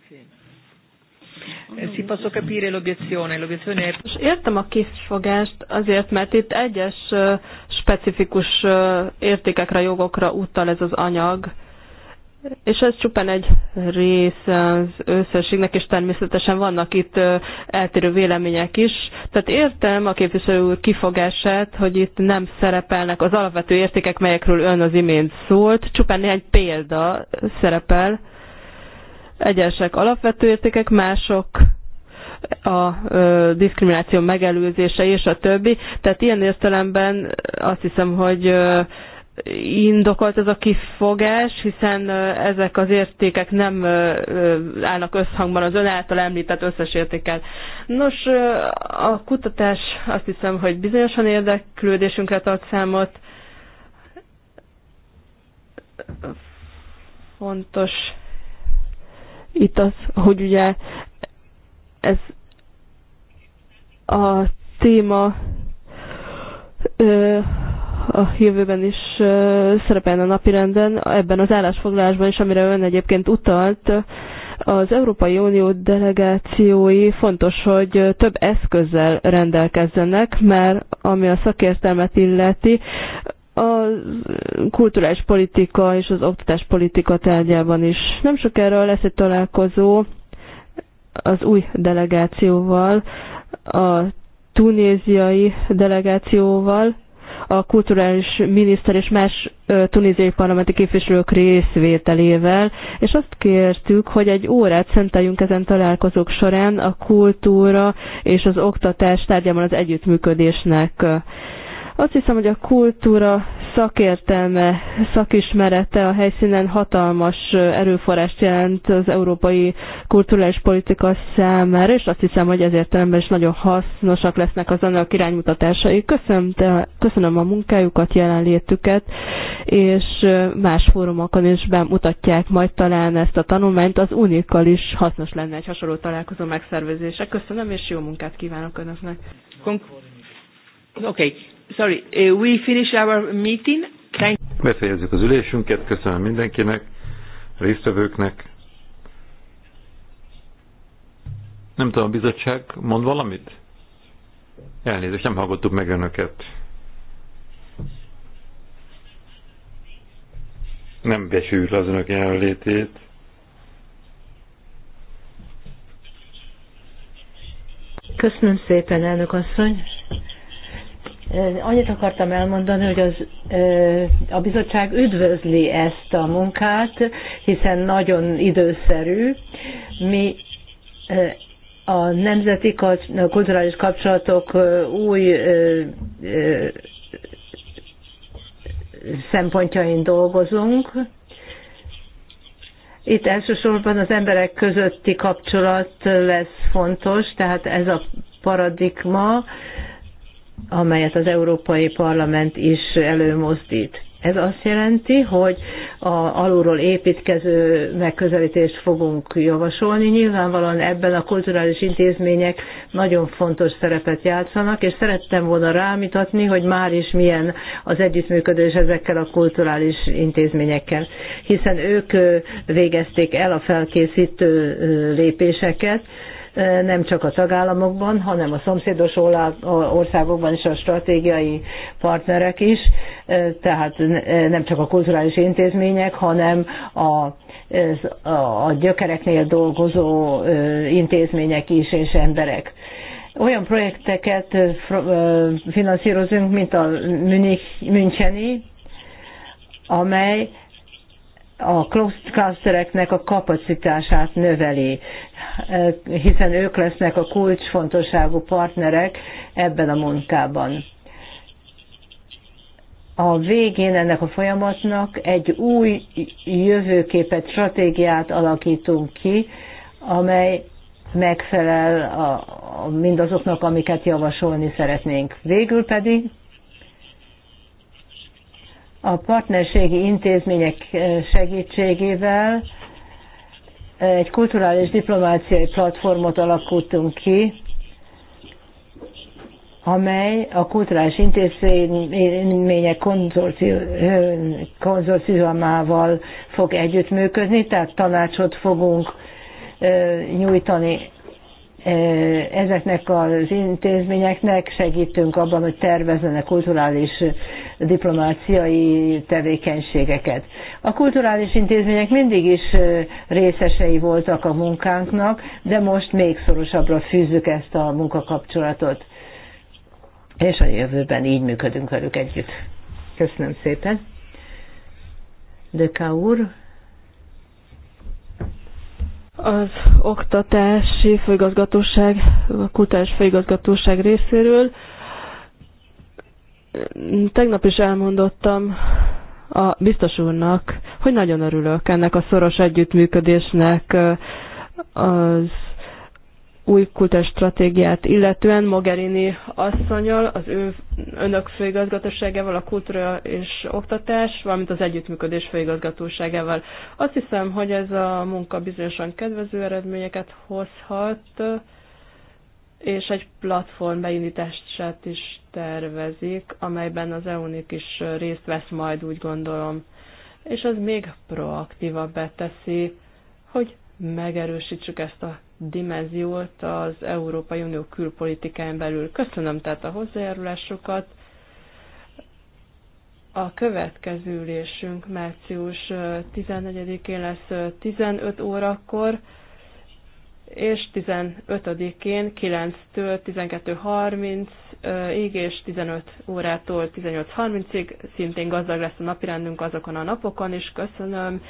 Eh, si posso capire l'obiezione, l'obiezione Értem a kifogást azért, mert itt egyes eh, specifikus eh, értékekre, jogokra utal ez az anyag, és ez csupán egy rész az összességnek, és természetesen vannak itt eltérő vélemények is. Tehát értem a képviselő úr kifogását, hogy itt nem szerepelnek az alapvető értékek, melyekről ön az imént szólt, csupán néhány példa szerepel Egyesek alapvető értékek, mások a ö, diszkrimináció megelőzése és a többi. Tehát ilyen értelemben azt hiszem, hogy ö, indokolt ez a kifogás, hiszen ezek az értékek nem állnak összhangban az ön által említett összes értékkel. Nos, a kutatás azt hiszem, hogy bizonyosan érdeklődésünkre tart számot. Fontos itt az, hogy ugye ez a téma a jövőben is szerepel a napirenden, ebben az állásfoglalásban is, amire ön egyébként utalt, az Európai Unió delegációi fontos, hogy több eszközzel rendelkezzenek, mert ami a szakértelmet illeti, a kulturális politika és az oktatás politika tárgyában is. Nem sokára lesz egy találkozó az új delegációval, a tunéziai delegációval, a kulturális miniszter és más tunéziai parlamenti képviselők részvételével, és azt kértük, hogy egy órát szenteljünk ezen találkozók során a kultúra és az oktatás tárgyában az együttműködésnek azt hiszem, hogy a kultúra szakértelme, szakismerete a helyszínen hatalmas erőforrást jelent az európai kulturális politika számára, és azt hiszem, hogy ezért értelemben is nagyon hasznosak lesznek az annak iránymutatásai. Köszönöm, te, köszönöm a munkájukat, jelenlétüket, és más fórumokon is bemutatják majd talán ezt a tanulmányt. Az unikkal is hasznos lenne egy hasonló találkozó megszervezése. Köszönöm, és jó munkát kívánok Önöknek. Oké. Okay. Sorry, eh, we finish our meeting. Thank Befejezzük az ülésünket, köszönöm mindenkinek, résztvevőknek. Nem tudom, a bizottság mond valamit? Elnézést, nem hallgattuk meg önöket. Nem besűr az önök jelenlétét. Köszönöm szépen, elnök asszony. Annyit akartam elmondani, hogy az, a bizottság üdvözli ezt a munkát, hiszen nagyon időszerű. Mi a nemzeti kulturális kapcsolatok új szempontjain dolgozunk. Itt elsősorban az emberek közötti kapcsolat lesz fontos, tehát ez a paradigma, amelyet az Európai Parlament is előmozdít. Ez azt jelenti, hogy a alulról építkező megközelítést fogunk javasolni. Nyilvánvalóan ebben a kulturális intézmények nagyon fontos szerepet játszanak, és szerettem volna rámítatni, hogy már is milyen az együttműködés ezekkel a kulturális intézményekkel, hiszen ők végezték el a felkészítő lépéseket, nem csak a tagállamokban, hanem a szomszédos országokban is a stratégiai partnerek is, tehát nem csak a kulturális intézmények, hanem a, a gyökereknél dolgozó intézmények is és emberek olyan projekteket finanszírozunk, mint a Müncheni, amely a klasztereknek a kapacitását növeli, hiszen ők lesznek a kulcsfontosságú partnerek ebben a munkában. A végén ennek a folyamatnak egy új jövőképet, stratégiát alakítunk ki, amely megfelel a, a mindazoknak, amiket javasolni szeretnénk. Végül pedig a partnerségi intézmények segítségével egy kulturális diplomáciai platformot alakultunk ki, amely a kulturális intézmények konzorciumával fog együttműködni, tehát tanácsot fogunk nyújtani ezeknek az intézményeknek segítünk abban, hogy tervezzenek kulturális diplomáciai tevékenységeket. A kulturális intézmények mindig is részesei voltak a munkánknak, de most még szorosabbra fűzzük ezt a munkakapcsolatot. És a jövőben így működünk velük együtt. Köszönöm szépen. De kaur az oktatási főigazgatóság, a kultúrás főigazgatóság részéről. Tegnap is elmondottam a biztos úrnak, hogy nagyon örülök ennek a szoros együttműködésnek az új kultúr stratégiát illetően Mogherini asszonyal, az ő, önök főigazgatóságával, a kultúra és oktatás, valamint az együttműködés főigazgatóságával. Azt hiszem, hogy ez a munka bizonyosan kedvező eredményeket hozhat, és egy platform beindítását is tervezik, amelyben az eu is részt vesz majd, úgy gondolom. És az még proaktívabbá teszi, hogy megerősítsük ezt a dimenziót az Európai Unió külpolitikáján belül. Köszönöm tehát a hozzájárulásokat. A következő ülésünk március 14-én lesz 15 órakor, és 15-én 9-től 12.30-ig és 15 órától 18.30-ig szintén gazdag lesz a napirendünk azokon a napokon, és köszönöm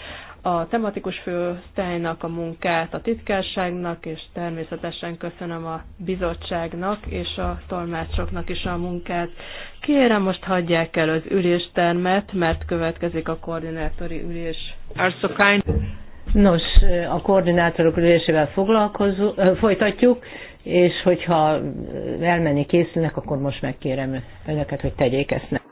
a tematikus főosztálynak a munkát, a titkárságnak, és természetesen köszönöm a bizottságnak és a tolmácsoknak is a munkát. Kérem, most hagyják el az üléstermet, mert következik a koordinátori ülés. Nos, a koordinátorok ülésével foglalkozunk, folytatjuk, és hogyha elmenni készülnek, akkor most megkérem önöket, hogy tegyék ezt.